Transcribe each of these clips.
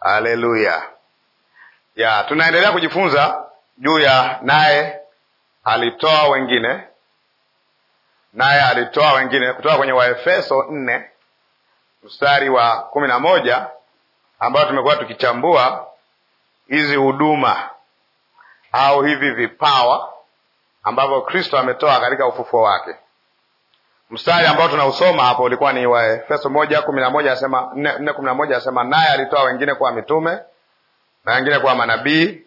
Haleluya! ya tunaendelea kujifunza juu ya naye alitoa wengine, naye alitoa wengine, kutoka kwenye Waefeso nne mstari wa kumi na moja ambayo tumekuwa tukichambua hizi huduma au hivi vipawa ambavyo Kristo ametoa katika ufufuo wake mstari ambao tunausoma hapo ulikuwa ni wa Efeso moja kumi na moja asema nne kumi na moja asema naye alitoa wengine kuwa mitume na wengine kuwa manabii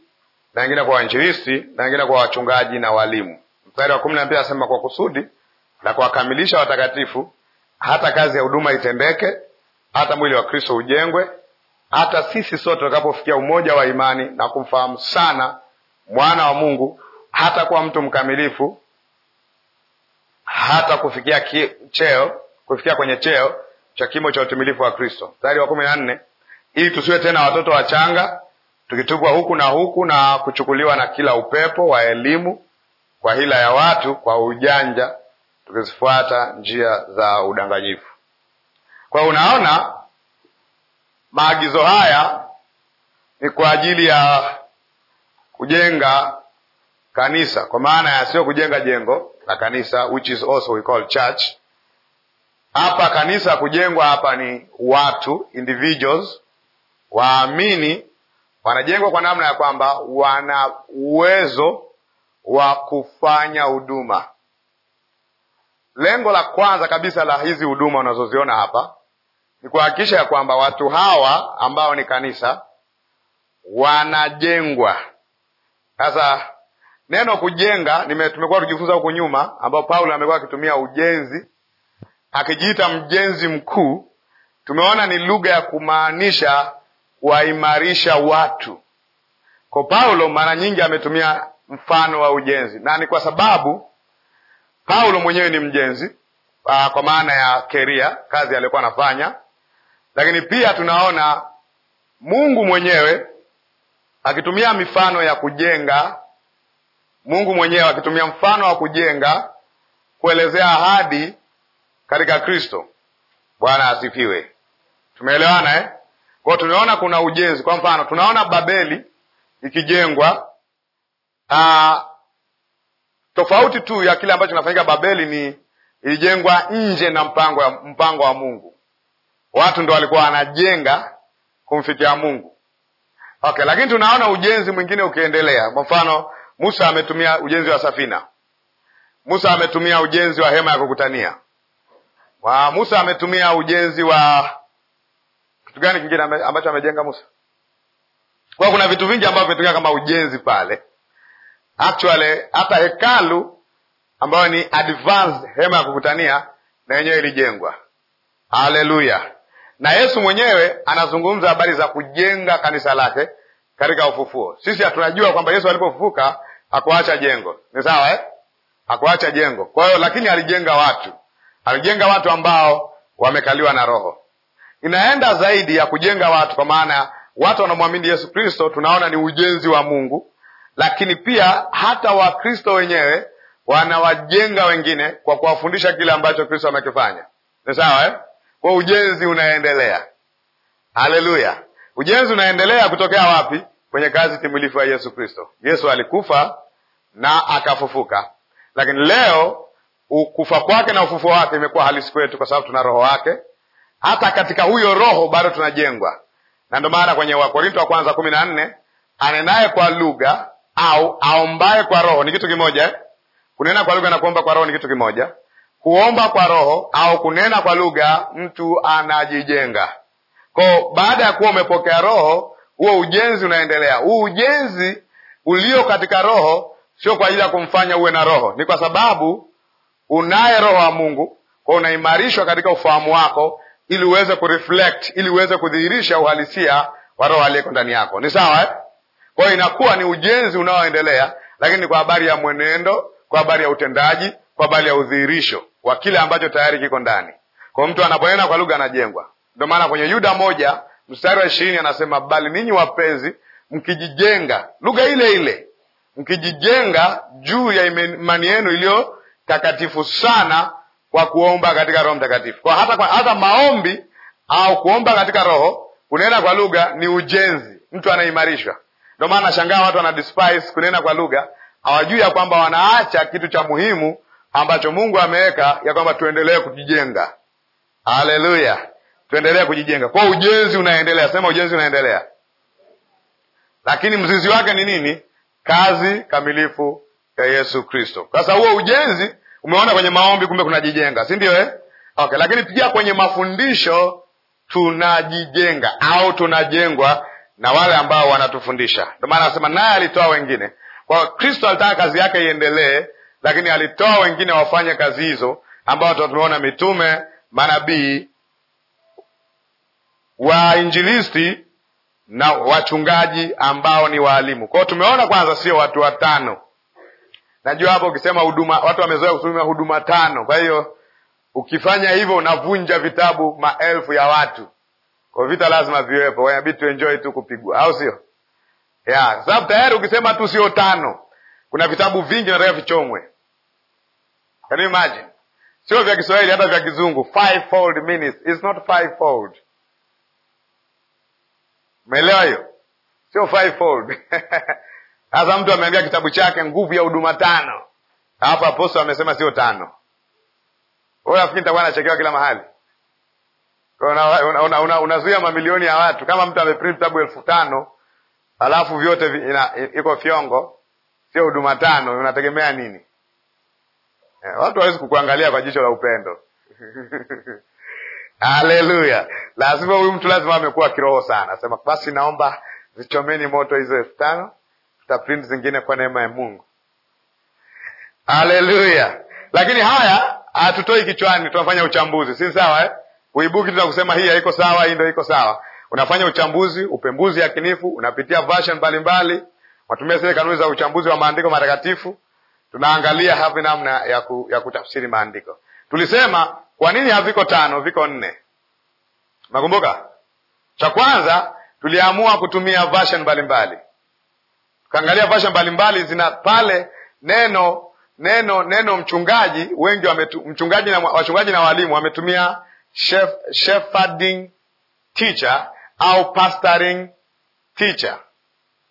na wengine kuwa wainjilisti na wengine kuwa wachungaji na walimu. Mstari wa kumi na mbili asema kwa kusudi na kuwakamilisha watakatifu, hata kazi ya huduma itendeke, hata mwili wa Kristo ujengwe, hata sisi sote tutakapofikia umoja wa imani na kumfahamu sana mwana wa Mungu, hata kuwa mtu mkamilifu hata kufikia ki, cheo kufikia kwenye cheo cha kimo cha utimilifu wa Kristo. Mstari wa kumi na nne, ili tusiwe tena watoto wachanga tukitupwa huku na huku na kuchukuliwa na kila upepo wa elimu kwa hila ya watu, kwa ujanja tukizifuata njia za udanganyifu. Kwa unaona, maagizo haya ni kwa ajili ya kujenga kanisa, kwa maana ya sio kujenga jengo la kanisa which is also we call church. Hapa kanisa kujengwa hapa ni watu individuals, waamini wanajengwa kwa namna ya kwamba wana uwezo wa kufanya huduma. Lengo la kwanza kabisa la hizi huduma unazoziona hapa ni kuhakikisha ya kwamba watu hawa ambao ni kanisa wanajengwa. Sasa Neno kujenga tumekuwa tujifunza huku nyuma, ambapo Paulo amekuwa akitumia ujenzi, akijiita mjenzi mkuu. Tumeona ni lugha ya kumaanisha kuwaimarisha watu. Kwa Paulo mara nyingi ametumia mfano wa ujenzi, na ni kwa sababu Paulo mwenyewe ni mjenzi aa, ah, kwa maana ya keria, kazi aliyokuwa anafanya, lakini pia tunaona Mungu mwenyewe akitumia mifano ya kujenga Mungu mwenyewe akitumia mfano wa kujenga kuelezea ahadi katika Kristo. Bwana asifiwe. Tumeelewana eh? Kwa tunaona kuna ujenzi. Kwa mfano tunaona Babeli ikijengwa. Aa, tofauti tu ya kile ambacho kinafanyika Babeli ni ilijengwa nje na mpango wa, mpango wa Mungu. Watu ndo walikuwa wanajenga kumfikia Mungu. Okay, lakini tunaona ujenzi mwingine ukiendelea. Kwa mfano Musa ametumia ujenzi wa safina, Musa ametumia ujenzi wa hema ya kukutania wa Musa ametumia ujenzi wa kitu gani kingine ambacho amejenga Musa? Kwa kuna vitu vingi ambavyo vimetumia kama ujenzi pale. Actually hata hekalu ambayo ni advanced hema ya kukutania na yenyewe ilijengwa. Haleluya! Na Yesu mwenyewe anazungumza habari za kujenga kanisa lake katika ufufuo. Sisi hatunajua kwamba Yesu alipofufuka hakuacha jengo, ni sawa eh? Hakuacha jengo, kwa hiyo lakini alijenga watu, alijenga watu ambao wamekaliwa na Roho. Inaenda zaidi ya kujenga watu, kwa maana watu wanamwamini Yesu Kristo, tunaona ni ujenzi wa Mungu, lakini pia hata Wakristo wenyewe wanawajenga wengine kwa kuwafundisha kile ambacho Kristo amekifanya, ni sawa eh? Kwa ujenzi unaendelea. Haleluya! Ujenzi unaendelea kutokea wapi? Kwenye kazi timilifu ya Yesu Kristo. Yesu alikufa na akafufuka, lakini leo ukufa kwake na ufufuo wake imekuwa halisi kwetu, kwa sababu tuna roho wake. Hata katika huyo roho bado tunajengwa, na ndio maana kwenye Wakorinto wa kwanza kumi na nne anenaye kwa lugha au aombaye kwa roho ni kitu kimoja eh? Kunena kwa lugha na kuomba kwa roho ni kitu kimoja. Kuomba kwa roho au kunena kwa lugha, mtu anajijenga. Ko, baada ya kuwa umepokea Roho, huo ujenzi unaendelea. Huu ujenzi ulio katika Roho sio kwa ajili ya kumfanya uwe na Roho, ni kwa sababu unaye Roho wa Mungu, kwa unaimarishwa katika ufahamu wako, ili uweze kureflect, ili uweze kudhihirisha uhalisia wa Roho aliyeko ndani yako. Ni sawa eh? Kwa hiyo inakuwa ni ujenzi unaoendelea, lakini kwa habari ya mwenendo, kwa habari ya utendaji, kwa habari ya udhihirisho wa kile ambacho tayari kiko ndani. Kwa mtu anaponena kwa lugha anajengwa ndio maana kwenye Yuda moja mstari wa ishirini anasema bali ninyi wapenzi, mkijijenga, lugha ile ile, mkijijenga juu ya imani yenu iliyo takatifu sana kwa kuomba katika Roho Mtakatifu. Kwa hata, kwa hata maombi au kuomba katika Roho, kunena kwa lugha ni ujenzi, mtu anaimarishwa. Ndio maana nashangaa watu wana despise kunena kwa lugha, hawajui ya kwamba wanaacha kitu cha muhimu ambacho Mungu ameweka ya kwamba tuendelee kujijenga. Haleluya! tuendelea kujijenga. Kwa ujenzi unaendelea, sema ujenzi unaendelea, lakini mzizi wake ni nini? Kazi kamilifu ya Yesu Kristo. Sasa huo ujenzi umeona kwenye maombi, kumbe kunajijenga, si ndio eh? Okay, lakini pia kwenye mafundisho tunajijenga au tunajengwa na wale ambao wanatufundisha. Ndio maana anasema naye alitoa wengine. Kwa Kristo alitaka kazi yake iendelee, lakini alitoa wengine wafanye kazi hizo, ambao tumeona mitume, manabii wainjilisti na wachungaji ambao ni waalimu. Kwao tumeona kwanza, sio watu watano. Najua hapo ukisema huduma, watu wamezoea kutumia huduma tano. Kwa hiyo ukifanya hivyo unavunja vitabu maelfu ya watu. Kwa vita lazima viwepo, inabidi tuenjoi tu kupigwa, au sio? Yeah, sababu tayari ukisema tu sio tano, kuna vitabu vingi nataka vichomwe. Can you imagine? Sio vya Kiswahili hata vya Kizungu. Fivefold ministry. It's not fivefold. Umeelewa hiyo? Sio fivefold. Sasa mtu ameambia kitabu chake nguvu ya huduma tano, hapa Aposto amesema sio tano. Wewe rafiki, nitakuwa nachekewa kila mahali, unazuia una, una, una, una mamilioni ya watu. Kama mtu ameprint tabu elfu tano alafu vyote iko fyongo, sio huduma tano, unategemea nini? Eh, watu hawezi kukuangalia kwa jicho la upendo Haleluya! Lazima huyu mtu lazima amekuwa kiroho sana. Asema basi, naomba zichomeni moto hizo elfu tano tutaprinti zingine kwa neema ya Mungu. Haleluya! Lakini haya hatutoi kichwani, tunafanya uchambuzi, si sawa eh? Uibuki tuna kusema hii haiko sawa, hii ndo iko sawa. Unafanya uchambuzi, upembuzi yakinifu, unapitia version mbalimbali, unatumia zile kanuni za uchambuzi wa maandiko matakatifu. Tunaangalia havi namna ya, ku, ya kutafsiri maandiko. Tulisema kwa nini haviko tano, viko nne. Nakumbuka cha kwanza tuliamua kutumia version mbalimbali, tukaangalia version mbalimbali zina pale neno neno neno mchungaji. Wengi mchungaji na wachungaji na walimu wametumia chef, shepherding teacher au pastoring teacher.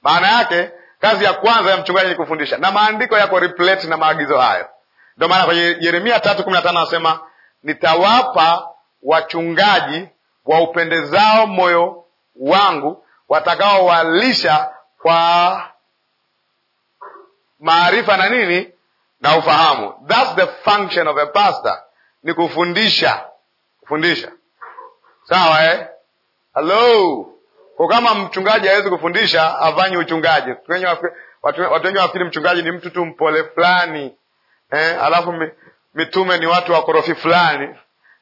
Maana yake kazi ya kwanza ya mchungaji ni kufundisha, na maandiko yako replete na maagizo hayo. Ndio maana kwenye Yeremia tatu kumi na tano anasema nitawapa wachungaji wa upendezao moyo wangu, watakaowalisha kwa maarifa na nini na ufahamu. That's the function of a pastor, ni kufundisha, kufundisha. Sawa eh? Hello. Kwa kama mchungaji hawezi kufundisha, afanyi uchungaji. Watu wengi wafikiri mchungaji ni mtu tu mpole fulani eh, alafu mitume ni watu wakorofi fulani,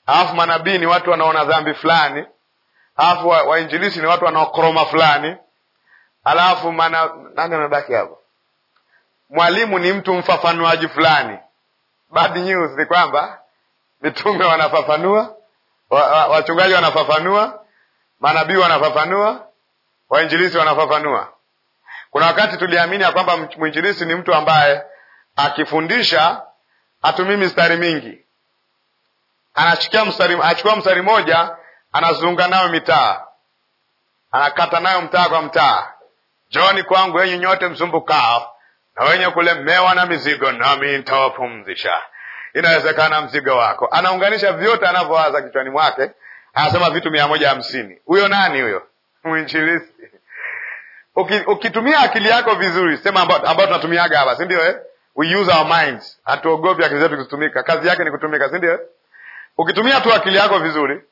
alafu manabii ni watu wanaona dhambi fulani, alafu wainjilisi ni watu wanaokoroma fulani, alafu mana nani anabaki hapo? Mwalimu ni mtu mfafanuaji fulani. Bad news ni kwamba mitume wanafafanua, wachungaji wanafafanua, manabii wanafafanua, wainjilisi wanafafanua. Kuna wakati tuliamini ya kwamba mwinjilisi ni mtu ambaye akifundisha hatumii mistari mingi, anachukua mstari, anachukua mstari moja anazunga nayo mitaa, anakata nayo mtaa kwa mtaa. joni kwangu wenye nyote msumbukao na wenye kulemewa na mizigo, nami nitawapumzisha. Inawezekana mzigo wako. Anaunganisha vyote anavyowaza kichwani mwake, anasema vitu mia moja hamsini. Huyo nani huyo? Mwinjilisi. Ukitumia akili yako vizuri, sema ambayo tunatumiaga hapa, sindio eh? we use our minds. Hatuogopi akili zetu kuzitumika, kazi yake ni kutumika, si ndio? Ukitumia tu akili yako vizuri,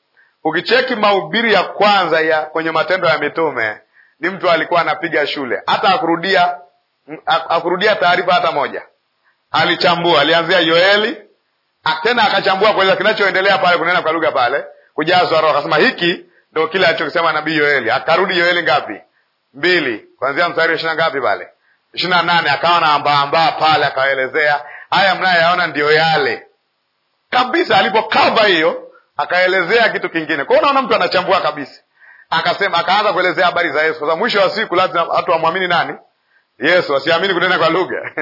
ukicheki mahubiri ya kwanza ya kwenye Matendo ya Mitume ni mtu alikuwa anapiga shule, hata akurudia akurudia taarifa hata moja. Alichambua, alianzia Yoeli tena akachambua kueleza kinachoendelea pale, kunena kwa lugha pale, kujazwa Roho. Akasema hiki ndo kile alichokisema nabii Yoeli. Akarudi Yoeli ngapi? Mbili, kuanzia mstari wa ishirini na ngapi pale ishirini na nane akawa na ambaambaa pale, akaelezea haya mnayoyaona ndiyo yale kabisa. alipo kava hiyo akaelezea kitu kingine kwao. Unaona, mtu anachambua kabisa, akasema, akaanza kuelezea habari za Yesu, kwa sababu mwisho wa siku lazima watu wamwamini nani? Yesu. Wasiamini kunena kwa lugha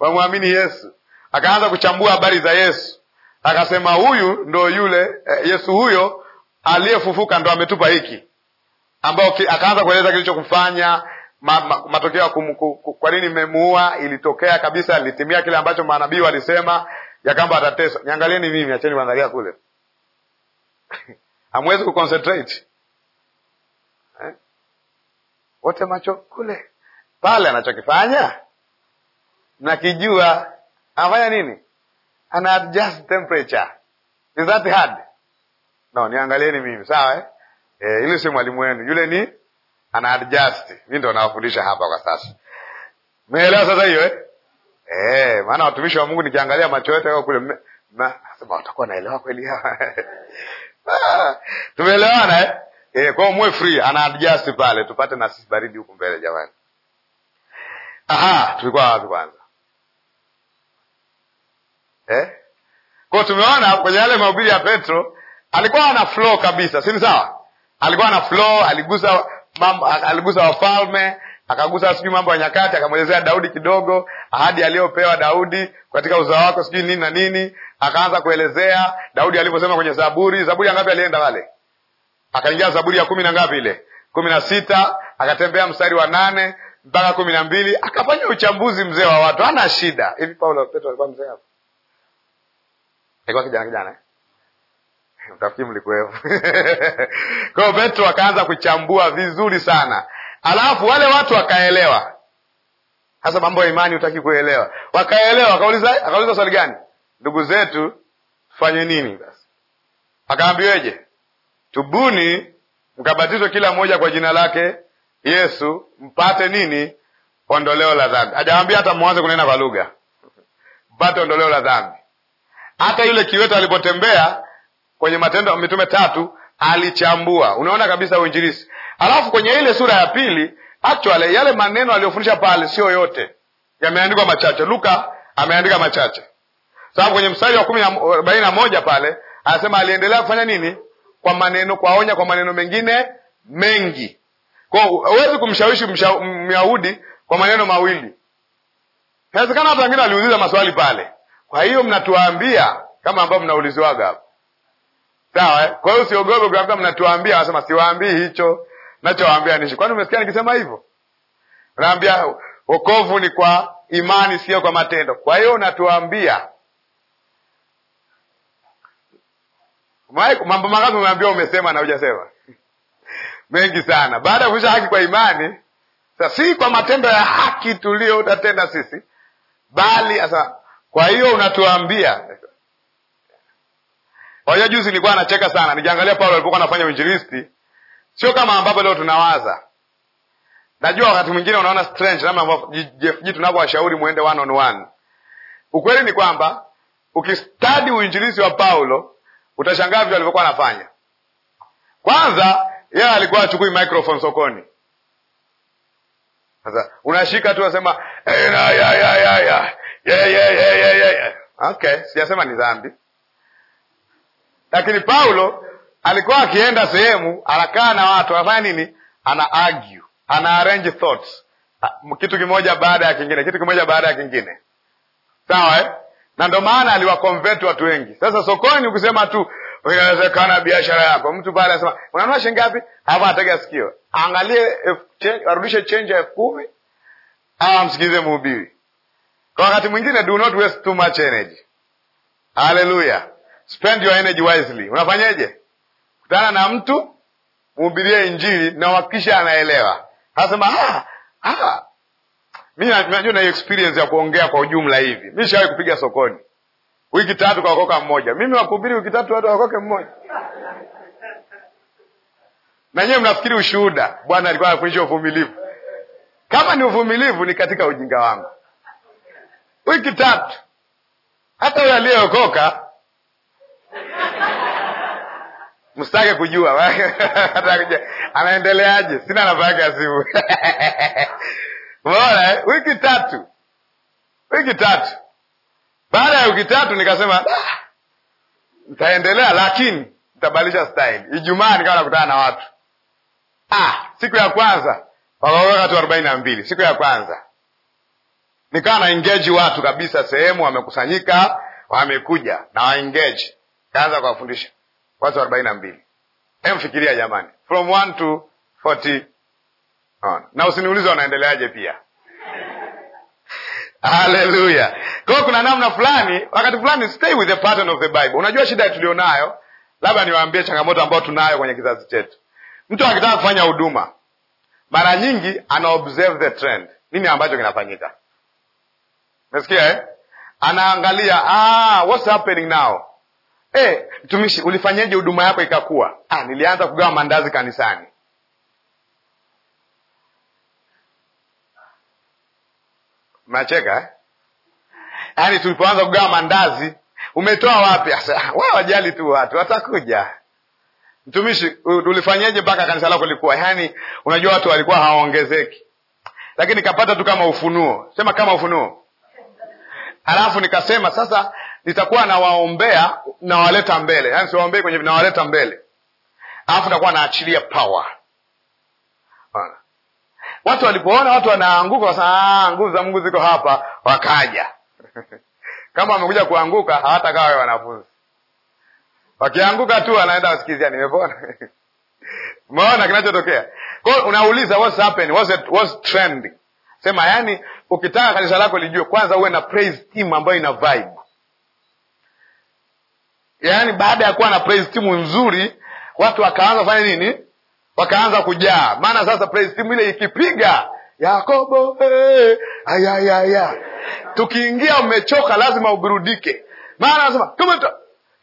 wamwamini Yesu. Akaanza kuchambua habari za Yesu, akasema huyu ndo yule eh, Yesu huyo aliyefufuka ndo ametupa hiki ambao, akaanza kueleza kilichokufanya ma, ma, matokeo ya kwa nini mmemuua ilitokea kabisa, litimia kile ambacho manabii walisema ya kwamba atateswa. Niangalieni mimi, acheni kuangalia kule hamwezi kuconcentrate eh? wote macho kule pale, anachokifanya nakijua. Anafanya nini? Ana adjust temperature. Is that hard? No, niangalieni mimi sawa eh? Eh, ili si mwalimu wenu yule ni ana adjust. Mimi ndo nawafundisha hapa kwa sasa, umeelewa sasa hiyo eh? Eh, maana watumishi wa Mungu nikiangalia macho yote yao kule nasema utakuwa naelewa kweli hawa ah, tumeelewana eh? Eh, kwao mwe free ana adjust pale, tupate na sisi baridi huku mbele jamani. Aha, tulikuwa wapi kwanza eh? Kwao tumeona kwenye yale mahubiri ya Petro alikuwa ana flow kabisa, si ni sawa? Alikuwa ana flow, aligusa mambo, aligusa wafalme akagusa sijui mambo ya nyakati, akamwelezea Daudi kidogo ahadi aliyopewa Daudi katika uzao wako sijui nini na nini. Akaanza kuelezea Daudi alivyosema kwenye Zaburi. Zaburi ya ngapi alienda wale? Akaingia Zaburi ya kumi na ngapi ile? kumi na sita, akatembea mstari wa nane mpaka kumi na mbili, akafanya uchambuzi mzee wa watu. Hana shida hivi. Paulo Petro alikuwa mzee hapo, alikuwa kijana kijana eh? mtafiti mlikuwepo kwa hiyo Petro akaanza kuchambua vizuri sana, alafu wale watu wakaelewa hasa mambo ya imani, hutaki kuelewa. Wakaelewa, akauliza akauliza swali gani? Ndugu zetu tufanye nini? Basi akaambiweje? Tubuni mkabatizwe kila mmoja kwa jina lake Yesu mpate nini? Ondoleo la dhambi. ajawambia hata mwanze kunena kwa lugha, mpate ondoleo la dhambi. Hata yule kiwete alipotembea kwenye Matendo ya Mitume tatu alichambua, unaona kabisa uinjilisi. Alafu kwenye ile sura ya pili actually yale maneno aliyofundisha pale sio yote, yameandikwa machache. Luka ameandika machache, sababu kwenye mstari wa kumi arobaini na moja pale anasema aliendelea kufanya nini? Kwa maneno, kwaonya kwa maneno mengine mengi. Kwa huwezi kumshawishi Myahudi kwa maneno mawili. Inawezekana hata wengine aliuliza maswali pale. Kwa hiyo mnatuambia kama ambavyo mnauliziwaga hapa Sawa eh? Kwa hiyo usiogope kuambia, mnatuambia anasema siwaambii hicho nachowaambia nishi. Kwani umesikia nikisema hivyo? Naambia wokovu ni kwa imani, sio kwa matendo. Kwa hiyo unatuambia mambo mangapi umeambia, umesema na hujasema? Mengi sana. Baada ya kuisha haki kwa imani, sasa si kwa matendo ya haki tulio utatenda sisi, bali asa, Kwa hiyo unatuambia Wajua, juzi nilikuwa nacheka sana nikiangalia Paulo alipokuwa anafanya uinjilisti, sio kama ambavyo leo tunawaza. Najua wakati mwingine unaona strange namna ambavyo tunavyowashauri muende one on one. Ukweli ni kwamba ukistadi uinjilisti wa Paulo utashangaa vile alivyokuwa anafanya. Kwanza yeye alikuwa achukui microphone sokoni. Sasa unashika tu unasema hey, eh, no, yeah, yeah, yeah, yeah. Yeah, yeah, yeah, yeah, yeah. Okay, sijasema ni dhambi lakini Paulo alikuwa akienda sehemu, anakaa na watu, anafanya nini? Ana argue, ana arrange thoughts, ah, kitu kimoja baada ya kingine, kitu kimoja baada ya kingine, sawa eh? na ndo maana aliwakonvert watu wengi. Sasa sokoni ukisema tu inawezekana biashara yako, mtu pale anasema unanua shilingi ngapi? Hapa atega sikio, angalie arudishe chenji ya elfu kumi au amsikilize mhubiri. Kwa wakati mwingine, do not waste too much energy. Haleluya! Spend your energy wisely. Unafanyeje? Kutana na mtu mhubirie Injili na uhakikisha anaelewa. Anasema ah, ah, mi najua na experience ya kuongea kwa ujumla hivi. mi shawai kupiga sokoni. Wiki tatu kaokoka mmoja. Mimi wakuhubiri wiki tatu watu waokoke mmoja. Na nyewe mnafikiri ushuhuda. Bwana alikuwa anafundisha uvumilivu. Kama ni uvumilivu ni katika ujinga wangu. Wiki tatu. Hata yule aliyeokoka msitake kujua anaendeleaje, sina nafaka ya simu Mbona eh? wiki tatu, wiki tatu. Baada ya wiki tatu nikasema ah, ntaendelea lakini ntabadilisha style. Ijumaa nikawa nakutana na watu ah, siku ya kwanza wakaoa tu arobaini na mbili siku ya kwanza nikawa na engage watu kabisa, sehemu wamekusanyika, wamekuja na waengage, kaanza kuwafundisha Mwanzo arobaini na mbili. Emfikiria jamani, from one to forty on, na usiniulize wanaendeleaje pia. Haleluya! Kwa kuna namna fulani, wakati fulani, stay with the pattern of the Bible. Unajua shida tulionayo, labda niwaambie changamoto ambayo tunayo kwenye kizazi chetu. Mtu akitaka kufanya huduma, mara nyingi ana observe the trend, nini ambacho kinafanyika. mesikia eh? Anaangalia ah, what's happening now Eh, mtumishi, ulifanyaje huduma yako ikakuwa? Ah, nilianza kugawa mandazi kanisani. Macheka eh? Yaani tulipoanza kugawa mandazi, umetoa wapi? Ah, wao wajali tu watu watakuja. Mtumishi, ulifanyaje mpaka kanisa lako lilikuwa? Yaani unajua watu walikuwa hawaongezeki. Lakini nikapata tu kama ufunuo. Sema kama ufunuo. Halafu nikasema sasa nitakuwa nawaombea nawaleta mbele, yani siwaombei kwenye nawaleta mbele, alafu nitakuwa naachilia power. Watu walipoona watu wanaanguka, wasema ah, nguvu za Mungu ziko hapa, wakaja kama wamekuja kuanguka, hawatakaa wewe wanafunzi. Wakianguka tu anaenda wasikizia, nimepona umeona kinachotokea kwao. Unauliza what's happened, what's it, what's trending? Sema yani, ukitaka kanisa lako lijue, kwanza uwe na praise team ambayo ina vibe Yaani baada ya kuwa na praise timu nzuri, watu wakaanza kufanya nini? Wakaanza kujaa. Maana sasa praise timu ile ikipiga Yakobo hey, ayaya tukiingia umechoka, lazima uburudike Maana anasema kumta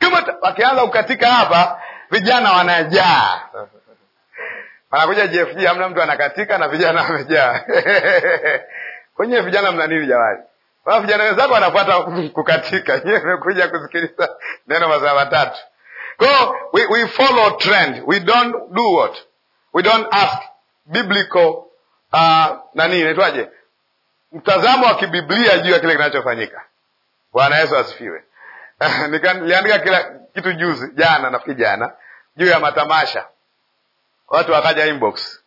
kumta, wakianza kukatika hapa, vijana wanajaa wanakuja JFG, amna mtu anakatika na vijana wamejaa. Kwenye vijana mna nini jawani kwa vijana wenzako wanapata kukatika, nyewe imekuja kusikiliza neno masaa matatu. Kwa we, we follow trend, we don't do what we don't ask biblical uh, nani inaitwaje, mtazamo wa kibiblia juu ya kile kinachofanyika. Bwana Yesu asifiwe. Niliandika kila kitu juzi, jana nafikiri jana, juu ya matamasha. Watu wakaja inbox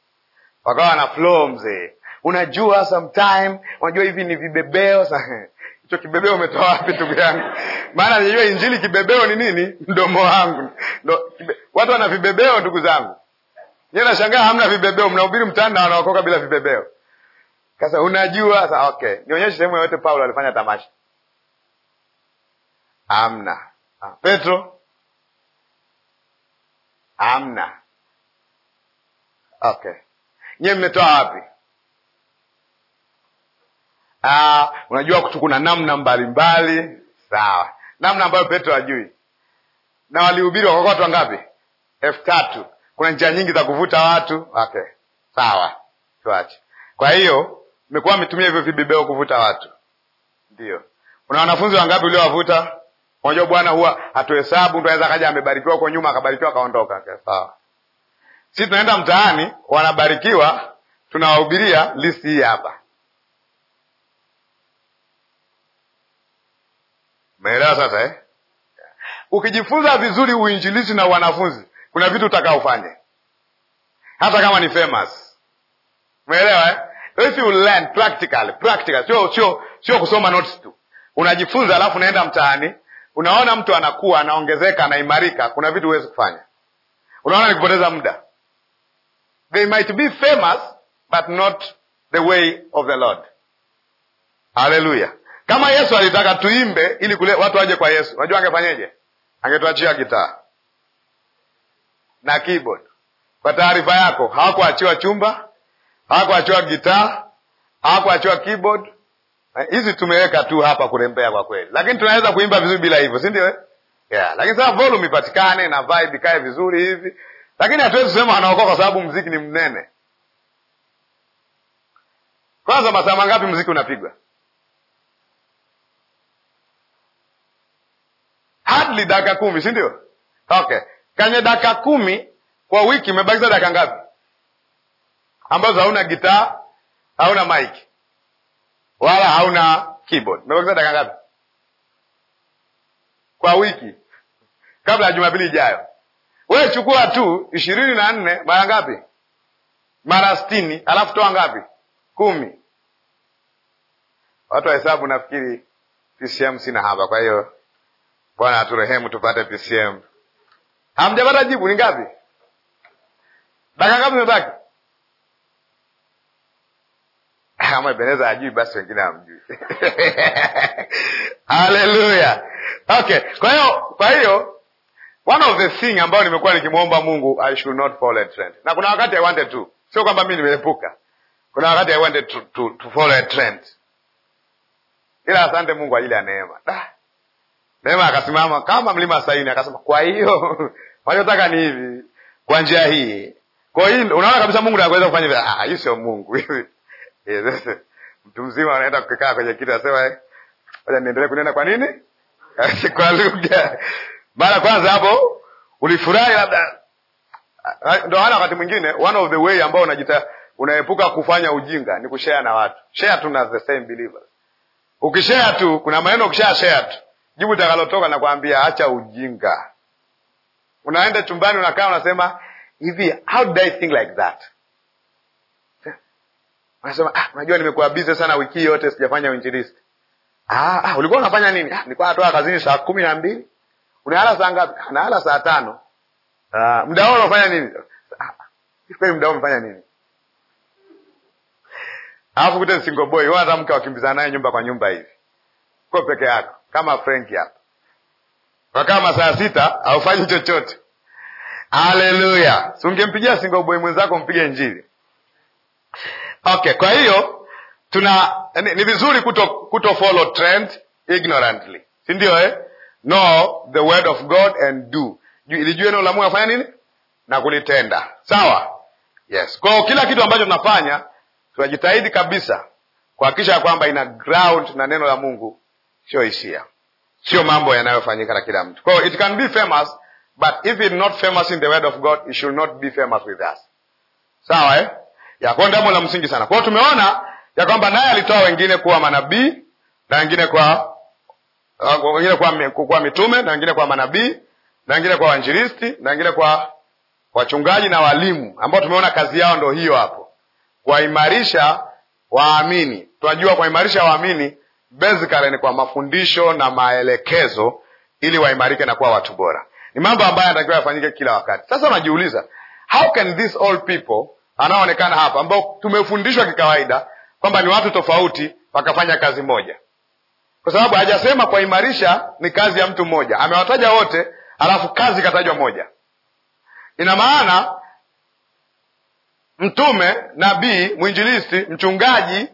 wakawa na flow mzee Unajua sometime, unajua hivi ni vibebeo hicho kibebeo umetoa wapi ndugu yangu? Maana najua injili kibebeo ni nini? Mdomo wangu ndo kibe... watu wana vibebeo ndugu zangu, nyewe nashangaa hamna vibebeo, mnahubiri mtaani na wanaokoka bila vibebeo. Sasa unajua sa, okay, nionyeshe sehemu yoyote Paulo alifanya tamasha. Amna ha, Petro amna. Okay, nyewe mmetoa wapi? Ah, unajua kuna namna mbalimbali sawa, namna ambayo Petro hajui, na walihubiri wakaokoka watu wangapi? elfu tatu. Kuna njia nyingi za kuvuta watu okay. Sawa, tuache. Kwa hiyo mmekuwa mmetumia hivyo vibebeo kuvuta watu, ndio kuna wanafunzi wangapi uliowavuta? Unajua Bwana huwa hatuhesabu, mtu anaweza kaja amebarikiwa huko nyuma akabarikiwa akaondoka okay. Sawa, sisi tunaenda mtaani, wanabarikiwa tunawahubiria, listi hii hapa Umeelewa sasa eh? Ukijifunza vizuri uinjilisi na wanafunzi, kuna vitu ufanye hata kama ni famous. Umeelewa eh? If you learn practically, practical, sio sio sio kusoma notes tu. Unajifunza alafu unaenda mtaani, unaona mtu anakuwa anaongezeka, anaimarika, kuna vitu huwezi kufanya. Unaona ni kupoteza muda. They might be famous but not the way of the Lord. Hallelujah. Kama Yesu alitaka tuimbe ili kule watu waje kwa Yesu, unajua angefanyeje? Angetuachia gitaa na keyboard. Kwa taarifa yako, hawakuachiwa chumba, hawakuachiwa gitaa, hawakuachiwa keyboard. Eh, hizi tumeweka tu hapa kurembea kwa kweli, lakini tunaweza kuimba vizuri bila hivyo, si ndio? Eh? Yeah, lakini sasa volume ipatikane na vibe ikae vizuri hivi, lakini hatuwezi kusema anaokoka kwa sababu mziki ni mnene. Kwanza masaa mangapi mziki unapigwa? hardly dakika kumi, si ndio? Okay, kwenye dakika kumi kwa wiki imebakiza dakika ngapi ambazo hauna gitaa, hauna mic wala hauna keyboard? Imebakiza dakika ngapi kwa wiki kabla ya Jumapili ijayo? Wewe chukua tu ishirini na nne mara ngapi? Mara sitini, alafu toa ngapi? Kumi. Watu wa hesabu nafikiri sisi sina hapa, kwa hiyo Bwana aturehemu tupate PCM. Hamjapata jibu? Ni ngapi? Dakika ngapi imebaki? Kama Ebeneza ajui, basi wengine hamjui. Haleluya. Okay, kwa hiyo kwa hiyo one of the thing ambayo nimekuwa nikimwomba Mungu I should not fall a trend. Na kuna wakati I wanted to. Sio kwamba mimi nimeepuka. Kuna wakati I wanted to, to, to follow a trend. Ila asante Mungu ajili ya neema. Da. Neema akasimama kama mlima Saini akasema, kwa hiyo wanachotaka ni hivi, kwa njia hii. Kwa hiyo unaona kabisa Mungu anaweza kufanya hivi. Ah, hii sio Mungu hivi. Eh, mtu mzima anaenda kukaa kwenye kiti anasema, eh, wacha niendelee kunena kwa nini? kwa lugha. Mara kwanza hapo ulifurahi labda ah, ah, ndo hana wakati mwingine one of the way ambao unajita unaepuka kufanya ujinga ni kushare na watu. Share tu na the same believers. Ukishare tu kuna maneno ukishare share tu jibu takalotoka nakwambia, acha ujinga. Unaenda chumbani, unakaa, unasema hivi, how did I think like that? Unasema ah, unajua nimekuwa busy sana wiki yote sijafanya uinjilisti. Ah, ah, ulikuwa unafanya nini? Ah, nilikuwa natoka kazini saa kumi na mbili. Unalala saa ngapi? Ah, nalala saa tano. Ah, muda wao unafanya nini? Ah, ah kweli muda wao unafanya nini? Alafu kute single boy, wewe hata mke wakimbizana naye nyumba kwa nyumba hivi. Uko peke yako kama Frenki hapa, wakaa masaa sita haufanyi chochote. Haleluya! si ungempigia singo singoboi mwenzako, mpige njili. Okay, kwa hiyo tuna ni, ni vizuri kuto, kuto follow trend ignorantly, si ndio eh? Know the word of God and do, ilijue neno la Mungu afanya nini na kulitenda. Sawa, yes. Kwa kila kitu ambacho tunafanya tunajitahidi kabisa kuhakikisha kwamba ina ground na neno la Mungu sio hisia, sio mambo yanayofanyika na kila mtu. Kwa it can be famous but if it not famous in the word of God it should not be famous with us. Sawa eh? Ya kwa jambo la msingi sana. Kwa hiyo tumeona ya kwamba naye alitoa wengine kuwa manabii na wengine kwa wengine kwa, kwa mitume na wengine kwa manabii na wengine kwa wanjilisti na wengine kwa wachungaji na walimu ambao tumeona kazi yao ndio hiyo hapo, kuwaimarisha waamini. Tunajua kuwaimarisha waamini basically ni kwa mafundisho na maelekezo, ili waimarike na kuwa watu bora. Ni mambo ambayo yanatakiwa yafanyike kila wakati. Sasa unajiuliza how can these all people anaoonekana hapa, ambao tumefundishwa kikawaida kwamba ni watu tofauti, wakafanya kazi moja? Kwa sababu hajasema kuimarisha ni kazi ya mtu mmoja, amewataja wote, alafu kazi ikatajwa moja. Ina maana mtume, nabii, mwinjilisti, mchungaji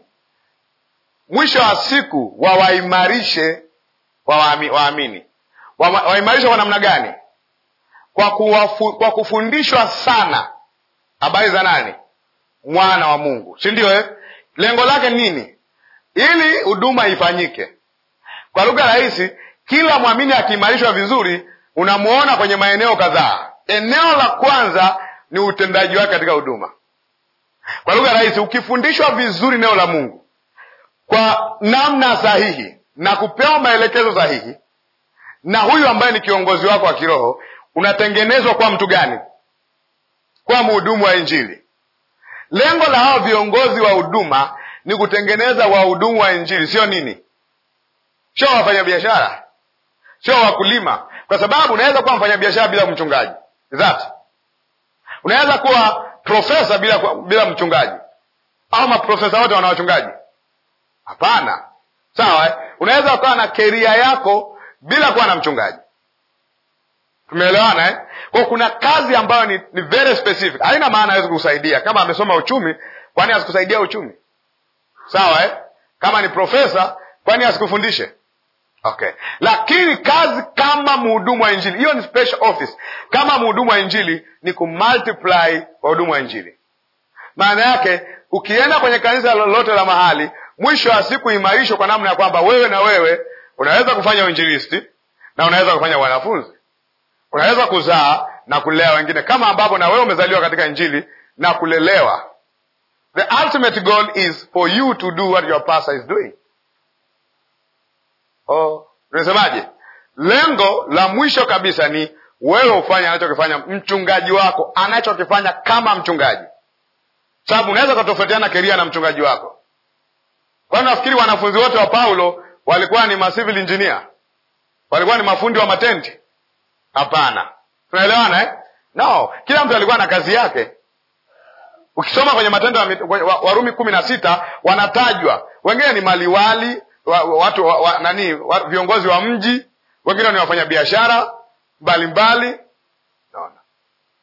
mwisho wa siku wawaimarishe waamini. waimarishe kwa namna gani? Kwa, kuwafu, kwa kufundishwa sana habari za nani? Mwana wa Mungu, si eh? Lengo lake nini? Ili huduma ifanyike kwa lugha rahisi. Kila mwamini akiimarishwa vizuri, unamwona kwenye maeneo kadhaa. Eneo la kwanza ni utendaji wake katika huduma. Kwa lugha rahisi, ukifundishwa vizuri neno la Mungu kwa namna sahihi na kupewa maelekezo sahihi na huyu ambaye ni kiongozi wako wa kiroho, unatengenezwa kwa mtu gani? kwa mhudumu wa Injili. Lengo la hawa viongozi wa huduma ni kutengeneza wahudumu wa Injili, sio nini? Sio wafanyabiashara, sio wakulima, kwa sababu unaweza kuwa mfanyabiashara bila mchungaji that. Unaweza kuwa profesa bila, bila mchungaji, au maprofesa wote wana wachungaji Hapana, sawa eh? Unaweza ukawa na keria yako bila kuwa na mchungaji. Tumeelewana eh? Kwa kuna kazi ambayo ni, ni very specific, haina maana awezi kukusaidia kama amesoma uchumi. Kwani asikusaidia uchumi? Sawa eh? Kama ni profesa, kwani asikufundishe? Okay, lakini kazi kama mhudumu wa Injili, hiyo ni special office. Kama mhudumu wa Injili ni kumultiply wahudumu wa Injili. Maana yake ukienda kwenye kanisa lolote la mahali, mwisho wa siku imarishwe kwa namna ya kwamba wewe na wewe unaweza kufanya uinjilisti na unaweza kufanya wanafunzi, unaweza kuzaa na kulea wengine, kama ambavyo na wewe umezaliwa katika Injili na kulelewa. The ultimate goal is for you to do what your pastor is doing. Oh, unasemaje? Lengo la mwisho kabisa ni wewe ufanye anachokifanya mchungaji wako, anachokifanya kama mchungaji, sababu unaweza ukatofautiana keria na mchungaji wako Kwani nafikiri wanafunzi wote wa Paulo walikuwa ni masivil engineer? Walikuwa ni mafundi wa matenti? Hapana. Tunaelewana eh? No, kila mtu alikuwa na kazi yake. Ukisoma kwenye Matendo ya Warumi kumi na sita wanatajwa wengine ni maliwali wa, watu wa, wa, nani wa, viongozi wa mji, wengine ni wafanyabiashara mbalimbali,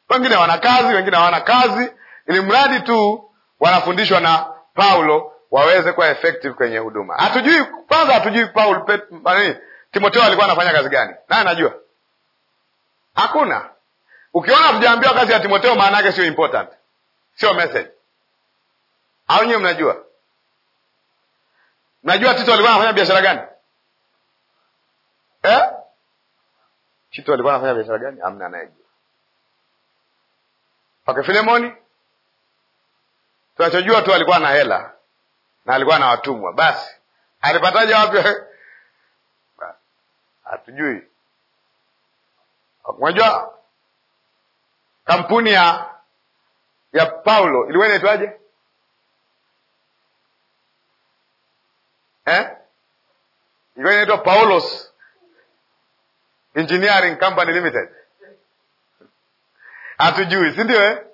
wengine wana kazi, wengine hawana kazi, ili mradi tu wanafundishwa na Paulo waweze kuwa effective kwenye huduma. Hatujui kwanza, hatujui Paul nani Timotheo alikuwa anafanya kazi gani? Naye anajua hakuna. Ukiona hatujaambiwa kazi ya Timotheo, maana yake sio important, sio message. Au nyewe mnajua, mnajua Tito alikuwa anafanya biashara gani eh? Tito alikuwa anafanya biashara gani? Amna anayejua pake Filemoni, tunachojua tu alikuwa na hela na alikuwa na watumwa. Basi alipataje wapi? Hatujui. Unajua kampuni ya ya Paulo ilikuwa inaitwaje eh? Ilikuwa inaitwa Paulos Engineering Company Limited. Hatujui, si ndio eh?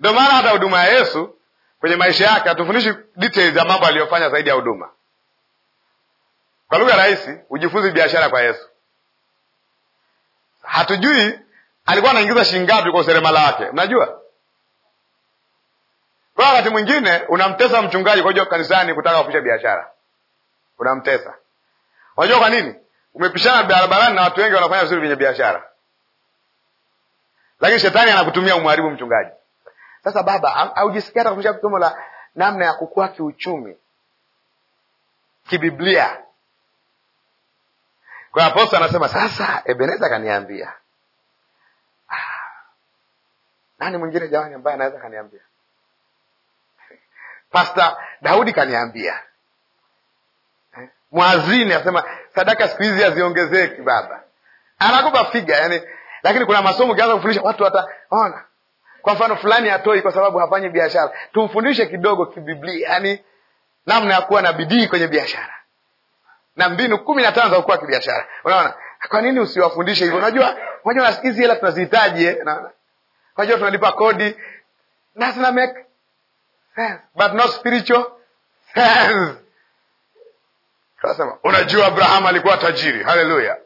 Ndio maana hata huduma ya Yesu kwenye maisha yake, hatufundishi details ya mambo aliyofanya zaidi ya huduma. Kwa lugha rahisi, ujifunze biashara kwa Yesu. Hatujui alikuwa anaingiza shilingi ngapi kwa useremala wake, unajua. Kwa wakati mwingine unamtesa mchungaji kwa kanisani kutaka kupisha biashara, unamtesa. Unajua kwa nini? Umepishana barabarani na watu wengi wanafanya vizuri kwenye biashara, lakini shetani anakutumia umharibu mchungaji. Sasa baba, haujisikia hata kufundisha somo la namna ya kukua kiuchumi kibiblia? Kwa aposto anasema sasa, Ebeneza kaniambia. Ah. nani mwingine jamani ambaye anaweza kaniambia? Pasta Daudi kaniambia eh? Mwazini asema sadaka siku hizi haziongezeki, baba anakupa figa yani, lakini kuna masomo ukianza kufundisha watu wataona kwa mfano fulani hatoi kwa sababu hafanyi biashara, tumfundishe kidogo kibiblia, yani namna ya kuwa na bidii kwenye biashara na mbinu kumi na tano za kukua kibiashara. Unaona, kwa nini usiwafundishe hivyo? Unajua, unajua hizi hela tunazihitaji unajua eh, tunalipa kodi na make sense but not spiritual sense. Kasema unajua Abraham alikuwa tajiri, haleluya